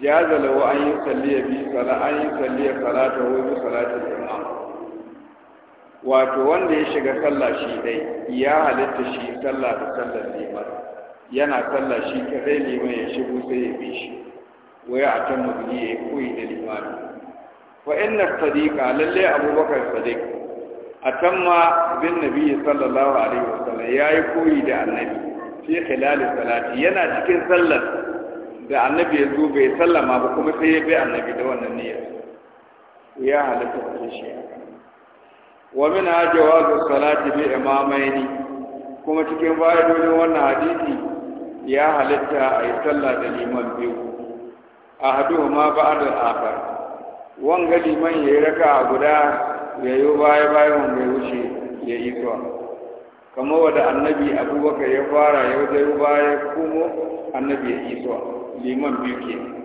jaza lahu an yusalli bi salati an yusalli salatahu bi salati jama'a. imam wato wanda ya shiga sallah shi dai ya halitta shi sallah da sallar liman yana sallah shi kadai liman ya shigo sai ya bi shi waya a can mabiyi ya koyi da limani fa inna sadiqa lalle abubakar sadiq ma bin nabi sallallahu alaihi wasallam yayi koyi da annabi fi khilal salati yana cikin sallar da annabi ya zo bai sallama ba kuma sai ya bi annabi da wannan niyyar ya halatta shi haka wa min jawazu salati bi imamaini kuma cikin domin wannan hadisi ya halitta a yi sallah da liman biyu A ahaduhuma ba'da al-akhar wanga liman raka a guda yayo baya bayan mai wuce ya yi zuwa kamar wadda annabi abubakar ya fara ya zai baya kuma annabi ya yi zuwa, liman biyu ke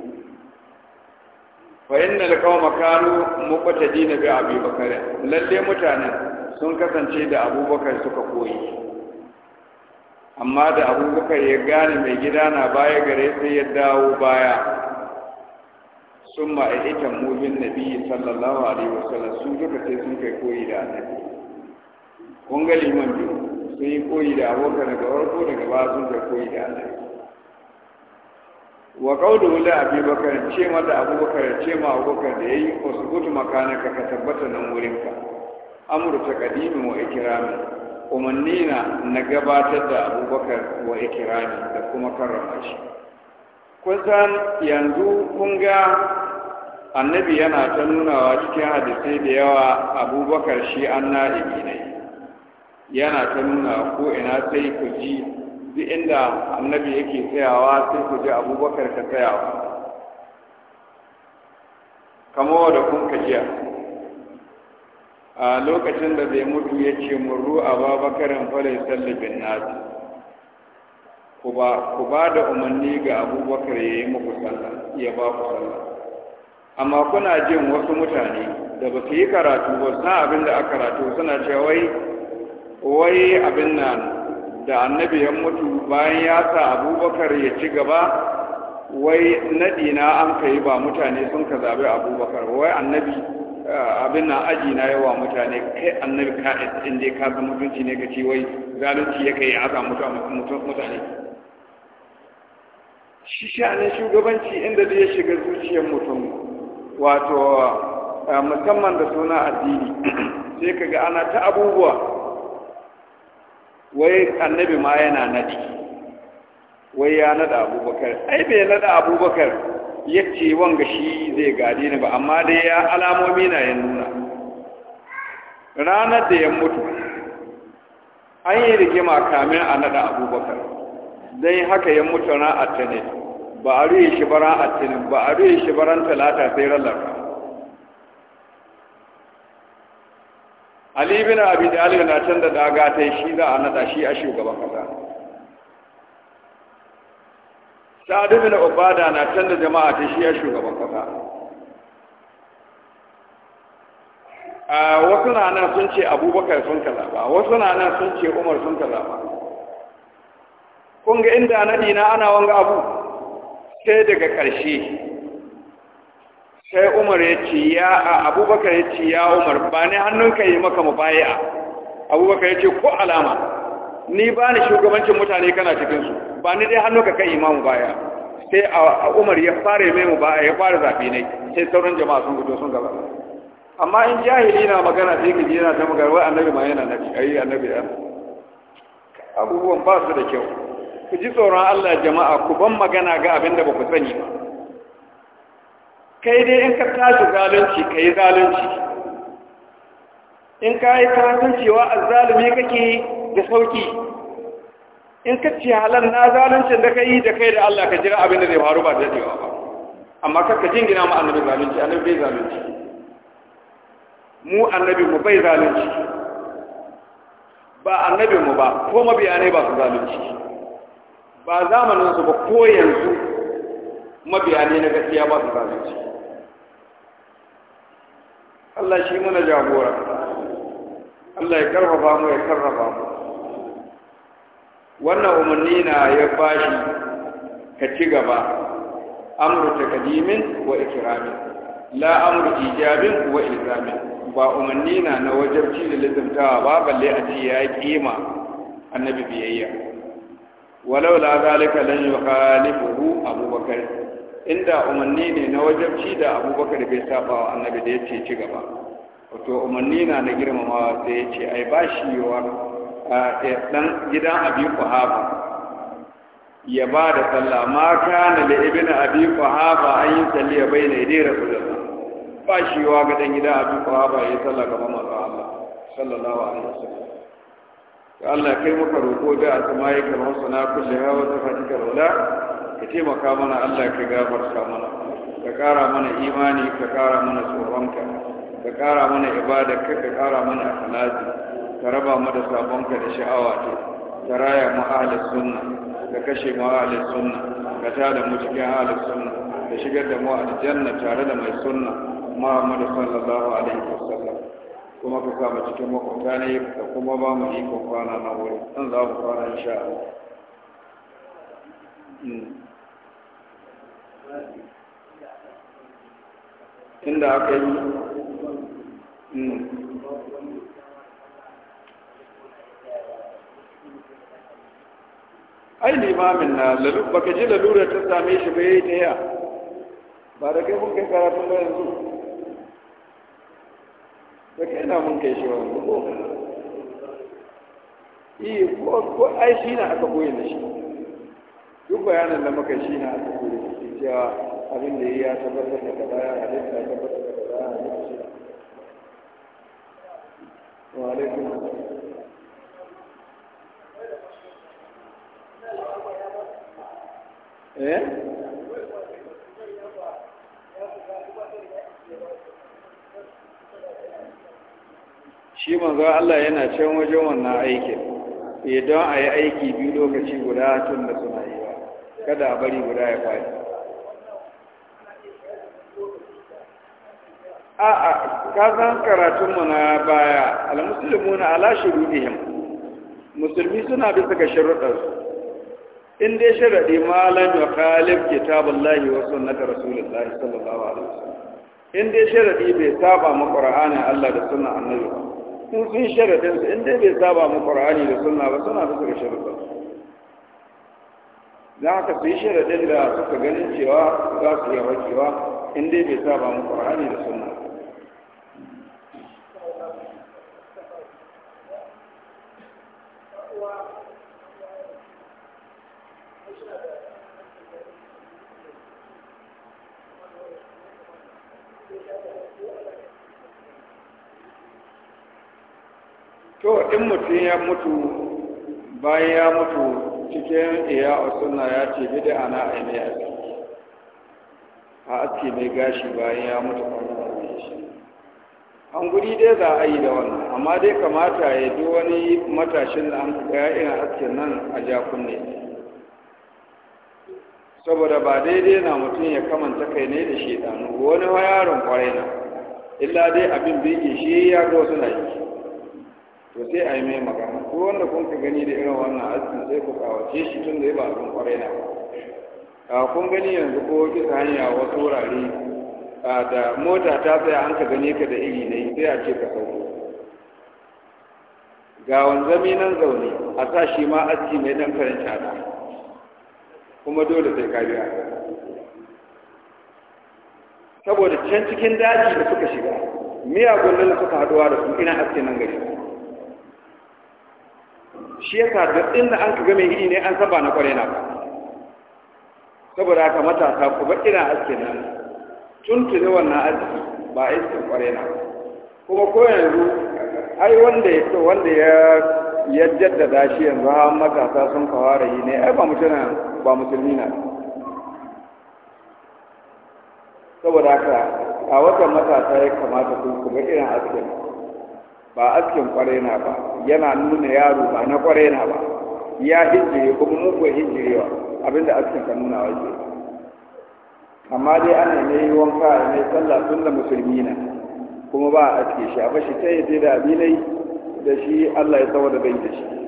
fa'in da kawai makanu mukwata dina bi abu bakar lalle mutanen sun kasance da abubakar suka koyi amma da abubakar ya gane mai gida na baya gare sai ya dawo baya sun ma'aikatan muhin nabi sallallahu alaihi wasallam sun duka sai sun kai koyi da annabi kun ga liman biyu sun yi koyi da abubakar daga farko daga ba sun kai koyi da annabi wa kaudu la abi bakar ce ma da abubakar ce ma abubakar da yayi usbutu makanaka ka tabbata nan wurinka amru kadimi wa ikrami umanni na na gabatar da abubakar wa ikrami da kuma karrama shi kun san yanzu kun ga annabi yana ta nunawa cikin hadisai da yawa abubakar shi an na'ibi ne yana ta nuna ko ina sai ku ji duk inda annabi yake tsayawa sai ku ji abubakar ka tsayawa kamo da kun kajiya a lokacin da zai mutu ya ce murru a babakarin falai sallabin nazi ku ba da umarni ga abubakar ya yi muku sallah ya ba ku sallah amma kuna jin wasu mutane da ba su yi karatu ba suna abin da aka karatu suna cewa wai wai abin nan da annabi ya mutu bayan ya sa abubakar ya ci gaba wai naɗi na an ka yi ba mutane sun ka zaɓi abubakar wai annabi eh, abin na aji na yawa mutane kai annabi ka in dai ka zama mutunci ne ka ci wai zalunci ya kai aka mutane shi sha'anin shugabanci inda zai shiga zuciyar mutum wato eh, musamman da suna addini [clears throat] sai ka ga ana ta abubuwa wai annabi ma yana nadi wai ya nada abubakar ai bai nada abubakar ya ce wanga shi zai gadi ni ba amma dai ya alamomi na ya nuna ranar da ya mutu an yi rigima kamin a nada abubakar don haka ya mutu ran atinin ba a ruye shi baran atinin ba a ruye shi baran talata sai ran larfa ali bin abi talib na can da daga ta shi za a nada shi a shugaban kasa sa'ad bin ubada na can da jama'a ta shi a shugaban kasa a wasu na nan sun ce abubakar sun kaza ba wasu na nan sun ce umar sun kaza ba kun ga inda nadi na ana wanga abu sai daga ƙarshe sai umar ya ce ya abubakar ya ce ya umar ba ne hannunka yi maka mubaya abubakar ya ce ko alama ni ba ni shugabancin mutane kana cikinsu ba ni dai hannunka kan imamu baya sai a umar ya fara mai mubaya ya fara zafi ne sai sauran jama'a sun gudu sun gaba amma in jahili na magana sai ka yana ta magana wai annabi ma yana nabi ai annabi ya abubuwan ba su da kyau ku ji tsoron Allah jama'a ku ban magana ga abinda ba ku sani ba kai dai in ka tashi zalunci ka yi zalunci in ka yi kasancewa a zalumi kake da sauki in ka ci halar na zaluncin da ka yi da kai da Allah ka jira abin da zai faru ba da daɗewa ba amma kakka jingina mu annabi zalunci annabi bai zalunci mu annabi mu bai zalunci ba annabi mu ba ko ne ba su zalunci ba zamaninsu ba ko yanzu mabiya ne na gaskiya ba su zalunci Allah shi muna jagora Allah ya karfafa mu ya karfafa mu wannan umarni na ya bashi ka ci gaba amru takadimin wa ikramin la amru ijabin wa ilzamin ba umarni na na wajabci da lizimtawa ba balle a ce ya kima annabi biyayya walau la zalika lan yukhalifuhu abubakar inda umarni ne na wajabci da abubakar bai saba wa annabi da ya ce ci gaba wato umarni na na girmamawa sai ya ce ai ba shi yiwuwa eh, dan gidan abi kuhaba ya ba da sallah ma kana da ibn abi kuhaba an yi salli ya bayyana idai rasulullah ba shi yiwuwa ga dan gidan abi kuhaba ya sallah ga manzo Allah sallallahu alaihi wasallam Allah kai muka roƙo da asma'ika wa husna kullu hawa sifatika ula ka taimaka mana Allah ka gafarta mana ka ƙara mana imani ka ƙara mana tsoronka ka ƙara mana ibada ka ka ƙara mana akhlaqi ka raba mu da sabonka da sha'awa ta ka raya mu ahlus sunna ka kashe mu ahlus sunna ka tada mu cikin ahlus sunna ka shigar da mu aljanna tare da mai sunna Muhammad sallallahu alaihi wasallam kuma ka kama cikin makwabta ne ka kuma ba mu iko kwana na wuri dan za mu fara insha Allah hmm. inda aka yi mm. ai limamin na baka ji lalura ta same shi ba yi taya ba da kai mun kai karatun da yanzu da kai na mun kai shi wani ko yi ko ai shi na aka koyi da shi duk bayanan da muka shi na aka koyi da shi cewa abin da ya tabbatar daga baya halitta ya tabbatar da kaza ya halitta wa alaikum eh shi manzo Allah yana can wajen wannan aikin idan a yi aiki biyu lokaci guda tun da suna yi kada a bari guda ya faɗi a'a ka san karatun mu na baya almuslimuna ala shurudihim musulmi suna bisa ga sharuɗar in dai sharadi malam ya khalif kitabullahi wa sunnati rasulillahi sallallahu alaihi wasallam in dai sharadi bai saba mu qur'anin Allah da sunna annabi ba sun sun sharadin su in dai bai saba mu qur'ani da sunna ba suna bisa ga sharuɗar za ka su yi sharadin da suka ganin cewa za su yi wakewa in dai bai saba mu qur'ani da sunna in mutum ya mutu bayan ya mutu cikin iya suna ya ce bida ana aini a a aske mai gashi bayan ya mutu kwanwa shi an guri dai za a yi da wannan amma dai kamata ya ji wani matashin da an ya ina askin nan a ja kunne saboda ba daidai na mutum ya kamanta kai ne da shedanu wani yaron kwarai na illa dai abin bege shi ya ga wasu na yi to sai a yi mai magana ko wanda kun ka gani da irin wannan aski sai ku kawace shi tun da ya ba abin kwarai na a kun gani yanzu ko kisa hanya wasu wurare da mota ta tsaya an ka gane ka da iri ne sai a ce ka sauko ga wanzami nan zaune a sa shi ma aski mai dan karin tsada kuma dole sai ka biya saboda can cikin daji da suka shiga miyagun nan suka haduwa da su ina aski nan gari shi sa duk inda an kaga mai iri ne an saba na kwarai na ba saboda haka matasa ku ba ina aske nan tuntuni wannan aski ba askin kwarai na kuma ko yanzu ai wanda ya so wanda ya ya jaddada shi yanzu hawan matasa sun kawara yi ne ai ba mutuna ba musulmi na saboda haka a watan matasa ya kamata ku ku bar irin askin ba askin kwarai ba yana nuna yaro ba na kwarai ba ya hijire kuma mun ko hijirewa abinda askin ka nuna wa ke amma dai ana ne wanka a ne sallah tun da musulmi na kuma ba a aske shi a bashi ta yi da abinai da shi Allah ya saboda bai da shi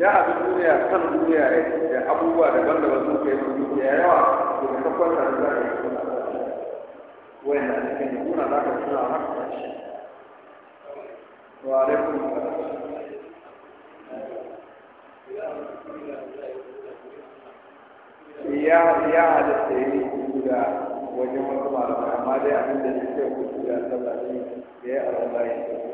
ya abin duniya kan duniya da abubuwa daban-daban sun kai mun duniya yawa to da ka kwanta da zaka yi suna wanda a cikin nuna za ka suna har kashi wa alaikum ya ya halatta yi guda wajen wasu malamai amma dai abin da ya ce guda sallah ne ya yi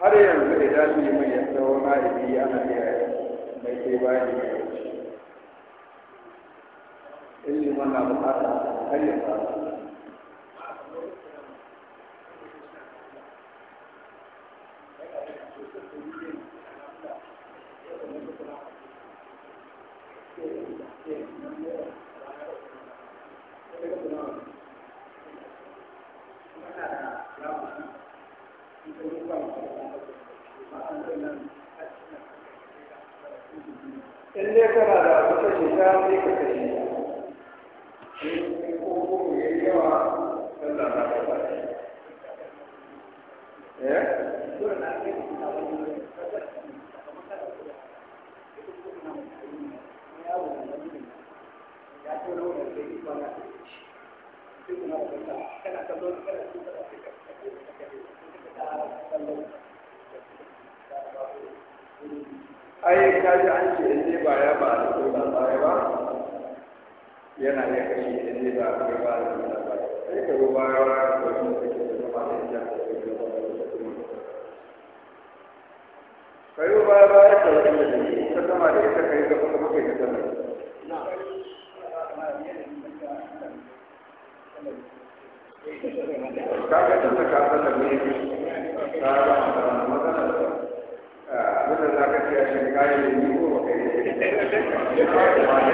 har yanzu idan liman ya tsawo ma'aibi ana iya mai ke bayan mai wuce in na bukata har yanzu tun da ka san ah, da mai ta ba mu da ka ce shi kayan da ko ba kai [laughs]